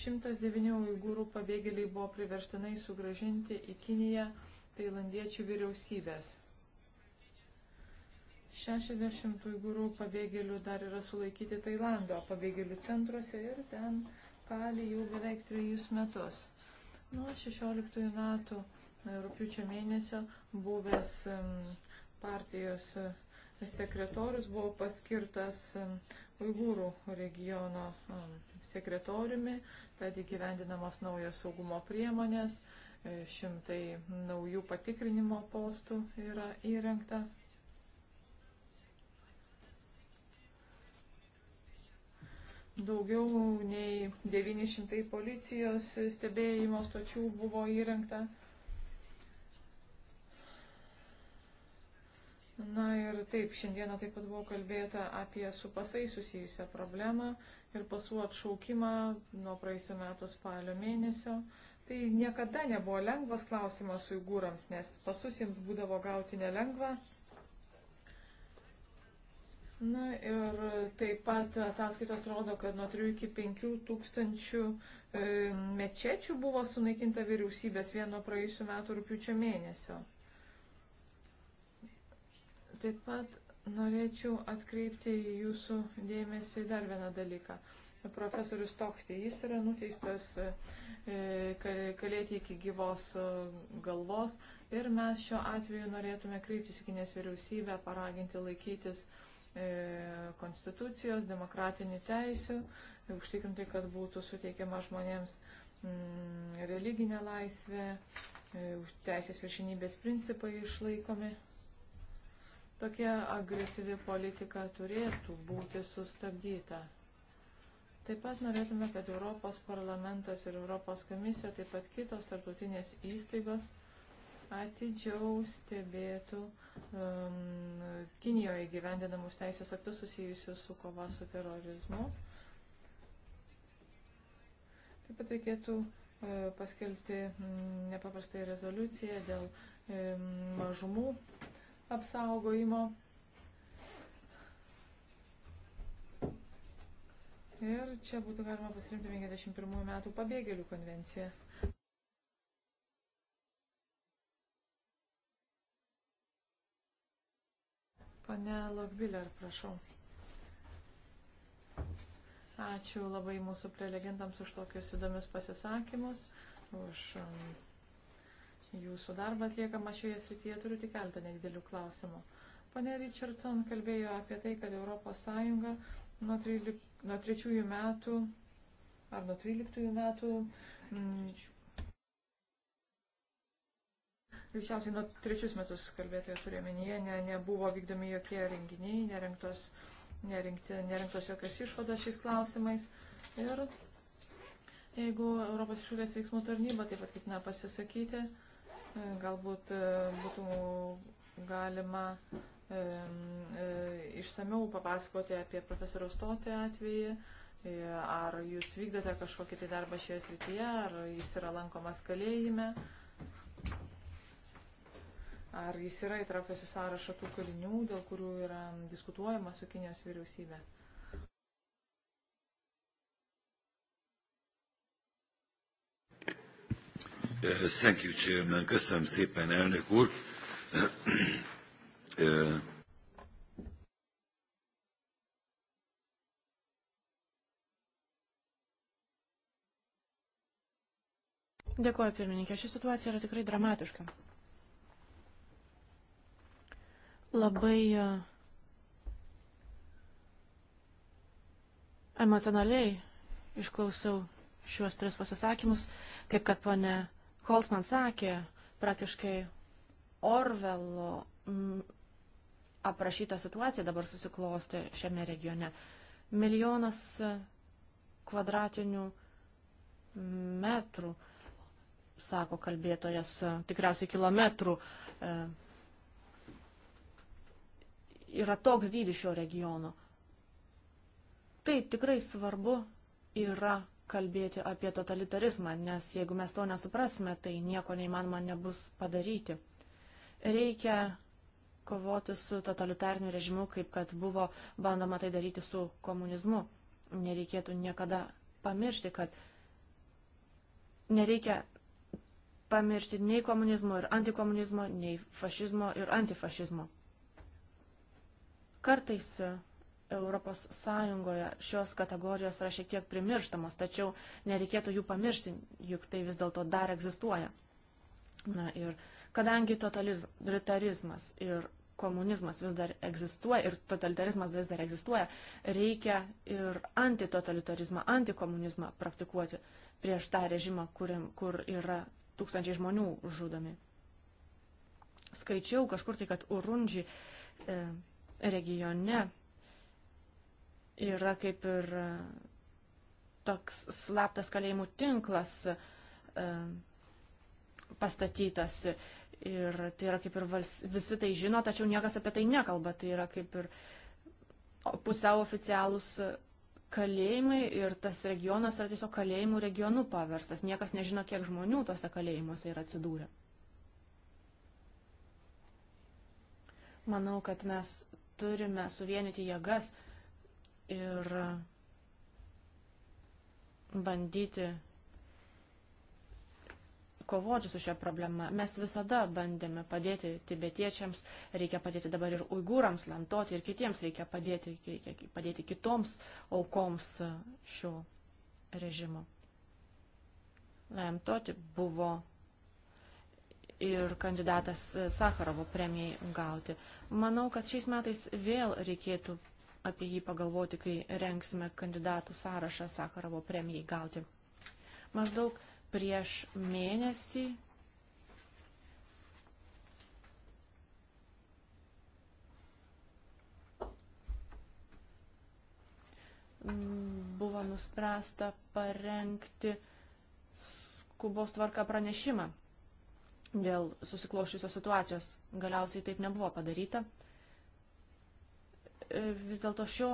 109 uigūrų pabėgėliai buvo priverstinai sugražinti į Kiniją tailandiečių vyriausybės. 60 uigūrų pabėgėlių dar yra sulaikyti Tailando pabėgėlių centruose ir ten kali jau beveik trejus metus. Nuo 16 metų e, rūpiučio mėnesio buvęs partijos e, sekretorius buvo paskirtas Uigūrų regiono um, sekretoriumi, tad įgyvendinamos naujos saugumo priemonės, e, šimtai naujų patikrinimo postų yra įrengta. Daugiau nei 900 policijos stebėjimo stočių buvo įrengta. Na ir taip, šiandieną taip pat buvo kalbėta apie su pasai susijusią problemą ir pasų atšaukimą nuo praėjusiu metu spalio mėnesio. Tai niekada nebuvo lengvas klausimas su įgūrams, nes pasus jiems būdavo gauti nelengva. Na ir taip pat ataskaitos rodo, kad nuo 3 iki 5 tūkstančių e, mečečių buvo sunaikinta vyriausybės vien nuo praėjusiu metu rūpiučio mėnesio. Taip pat norėčiau atkreipti jūsų dėmesį dar vieną dalyką. Profesorius Tokti, jis yra nuteistas e, kalėti iki gyvos e, galvos ir mes šiuo atveju norėtume kreiptis į Kinės vyriausybę, paraginti laikytis e, konstitucijos, demokratinių teisių, užtikrinti, kad būtų suteikiama žmonėms mm, religinė laisvė, teisės viršinybės principai išlaikomi. Tokia agresyvi politika turėtų būti sustabdyta. Taip pat norėtume, kad Europos parlamentas ir Europos komisija, taip pat kitos tarptautinės įstaigos atidžiau stebėtų um, Kinijoje gyvendinamus teisės aktus susijusius su kova su terorizmu. Taip pat reikėtų uh, paskelbti um, nepaprastai rezoliuciją dėl um, mažumų apsaugojimo. Ir čia būtų galima pasirinkti 51 metų pabėgėlių konvenciją. Pane Lokbiller, prašau. Ačiū labai mūsų prelegentams už tokius įdomius pasisakymus, už um, jūsų darbą atliekamą šioje srityje. Turiu tik keltą nedidelių klausimų. Pane Richardson kalbėjo apie tai, kad ES nuo, 13, nuo 3 metų ar nuo 13 metų. Mm, Greičiausiai nuo trečius metus kalbėtojo turėmenyje ne, nebuvo vykdomi jokie renginiai, nerengtos, nerengti, nerengtos jokios išvados šiais klausimais. Ir jeigu Europos išorės veiksmų tarnyba taip pat ketina pasisakyti, galbūt e, būtų galima e, e, išsameu papasakoti apie profesoriaus Totį atvejį, e, ar jūs vykdote kažkokį tai darbą šioje srityje, ar jis yra lankomas kalėjime, ar jis yra įtrauktas į sąrašą tų kalinių, dėl kurių yra diskutuojama su Kinijos vyriausybė. Thank you, Chairman. Köszönöm szépen, elnök úr. Dėkuoju, pirmininkė. Ši situacija yra tikrai dramatiška. Labai e, emocionaliai išklausiau šiuos tris pasisakymus, kaip kad ponė Holtman sakė, praktiškai Orvelo m, aprašyta situacija dabar susiklosti šiame regione. Milijonas kvadratinių metrų, sako kalbėtojas, tikriausiai kilometrų, e, yra toks dydis šio regiono. Tai tikrai svarbu yra kalbėti apie totalitarizmą, nes jeigu mes to nesuprasime, tai nieko neįmanoma nebus padaryti. Reikia kovoti su totalitarniu režimu, kaip kad buvo bandoma tai daryti su komunizmu. Nereikėtų niekada pamiršti, kad nereikia pamiršti nei komunizmo ir antikomunizmo, nei fašizmo ir antifašizmo. Kartais ES šios kategorijos yra šiek tiek primirštamos, tačiau nereikėtų jų pamiršti, juk tai vis dėlto dar egzistuoja. Na ir kadangi totalitarizmas ir komunizmas vis dar egzistuoja ir totalitarizmas vis dar egzistuoja, reikia ir antitotalitarizmą, antikomunizmą praktikuoti prieš tą režimą, kur, kur yra tūkstančiai žmonių žudomi. Skaičiau kažkur tai, kad Urundži e, regione yra kaip ir e, toks slaptas kalėjimų tinklas e, pastatytas. Ir tai yra kaip ir vals, visi tai žino, tačiau niekas apie tai nekalba. Tai yra kaip ir pusiau oficialūs e, kalėjimai ir tas regionas yra tiesiog kalėjimų regionu paverstas. Niekas nežino, kiek žmonių tuose kalėjimuose yra atsidūrę. Manau, kad mes turime suvienyti jėgas ir bandyti kovoti su šia problema. Mes visada bandėme padėti tibetiečiams, reikia padėti dabar ir uigūrams, lantoti ir kitiems reikia padėti, reikia padėti kitoms aukoms šio režimo. Lamtoti buvo ir kandidatas Sakarovo premijai gauti. Manau, kad šiais metais vėl reikėtų apie jį pagalvoti, kai renksime kandidatų sąrašą Sakarovo premijai gauti. Maždaug prieš mėnesį buvo nuspręsta parengti skubos tvarka pranešimą dėl susikloščiusios situacijos. Galiausiai taip nebuvo padaryta. E, vis dėlto šio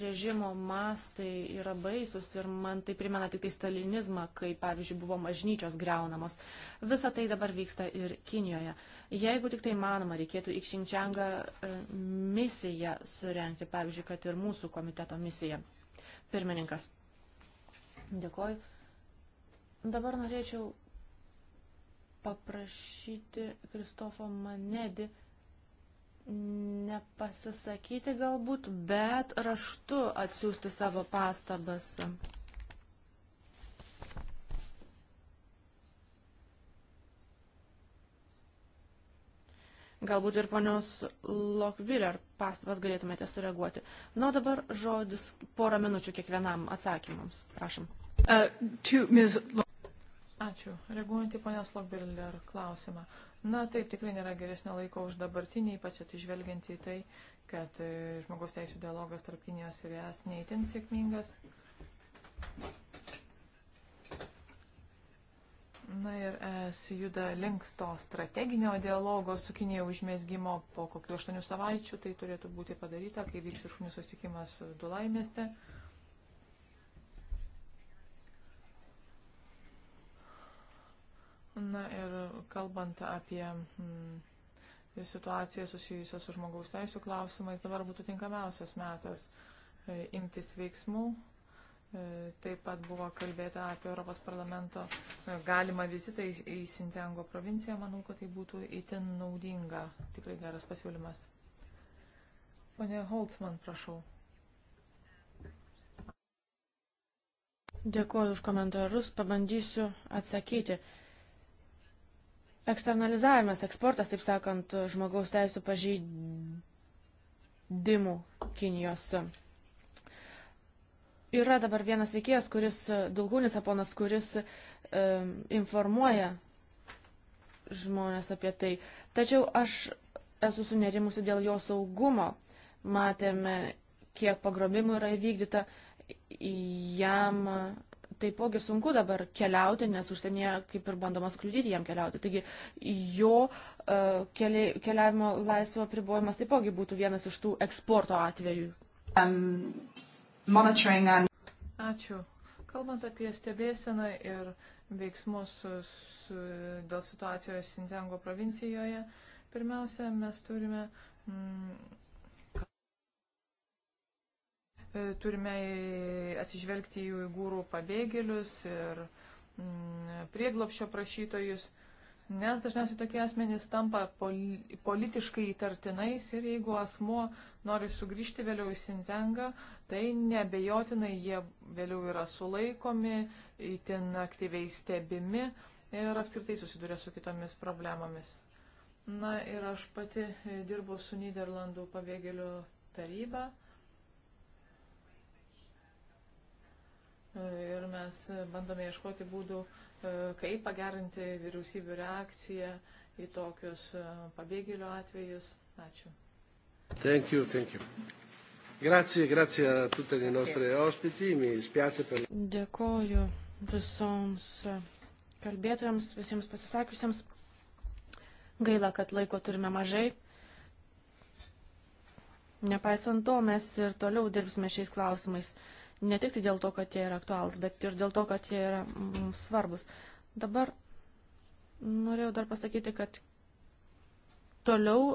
režimo mastai yra baisus ir man tai primena tik tai stalinizmą, kai, pavyzdžiui, buvo mažnyčios greunamos. Visa tai dabar vyksta ir Kinijoje. Jeigu tik tai manoma, reikėtų į Xinjiangą e, misiją surenkti, pavyzdžiui, kad ir mūsų komiteto misija. Pirmininkas. Dėkoju. Dabar norėčiau paprašyti Kristofo Manedi nepasisakyti galbūt, bet raštu atsiųsti savo pastabas. Galbūt ir ponios Lokviller pastabas galėtumėte sureaguoti. Nu, dabar žodis porą minučių kiekvienam atsakymams. Prašom. Uh, Ačiū. Reaguojant į ponios Lokbiller klausimą. Na taip, tikrai nėra geresnio laiko už dabartinį, ypač atsižvelgiant į tai, kad e, žmogaus teisų dialogas tarp Kinijos ir ES neįtin sėkmingas. Na ir ES juda link to strateginio dialogo su Kinėje užmėsgymo po kokiu aštuonių savaičių. Tai turėtų būti padaryta, kai vyks viršūnių susitikimas Dulai mieste. Uh, Na ir kalbant apie mm, situaciją susijusią su žmogaus teisų klausimais, dabar būtų tinkamiausias metas e, imtis veiksmų. E, taip pat buvo kalbėta apie Europos parlamento e, galimą vizitą į, į Sinzengo provinciją. Manau, kad tai būtų itin naudinga. Tikrai geras pasiūlymas. Pone Holtzman, prašau. Dėkuoju už komentarus, pabandysiu atsakyti eksternalizavimas, eksportas, taip sakant, žmogaus teisų pažeidimų Kinijos. Yra dabar vienas veikėjas, kuris, Dulgunis Aponas, kuris e, informuoja žmonės apie tai. Tačiau aš esu sunerimusi dėl jo saugumo. Matėme, kiek pagrobimų yra įvykdyta, jam taipogi sunku dabar keliauti, nes užsienyje kaip ir bandomas kliudyti jam keliauti. Taigi jo e, keli, keliavimo laisvo pribojimas taipogi būtų vienas iš tų eksporto atvejų. Um, and... Ačiū. Kalbant apie stebėseną ir veiksmus su, su, dėl situacijos Sinzengo provincijoje, pirmiausia, mes turime mm, E, turime atsižvelgti į uigūrų pabėgėlius ir mm, prieglopščio prašytojus, nes dažniausiai tokie asmenys tampa poli politiškai įtartinais ir jeigu asmo nori sugrįžti vėliau į Sinzengą, tai nebejotinai jie vėliau yra sulaikomi, įtin aktyviai stebimi ir apskritai susiduria su kitomis problemomis. Na ir aš pati e, dirbu su Niderlandų pabėgėlių taryba. ir mes bandome ieškoti būdų, e, kaip pagerinti vyriausybių reakciją į tokius e, pabėgėlių atvejus. Ačiū. Thank you, thank you. Grazie, grazie a tutte le nostre ospiti. Mi spiace per. Dėkoju visoms kalbėtojams, visiems pasisakiusiems. Gaila, kad laiko turime mažai. Nepaisant to, mes ir toliau dirbsime šiais klausimais. Ne tik tai dėl to, kad jie yra aktualūs, bet ir dėl to, kad jie yra mums svarbus. Dabar norėjau dar pasakyti, kad toliau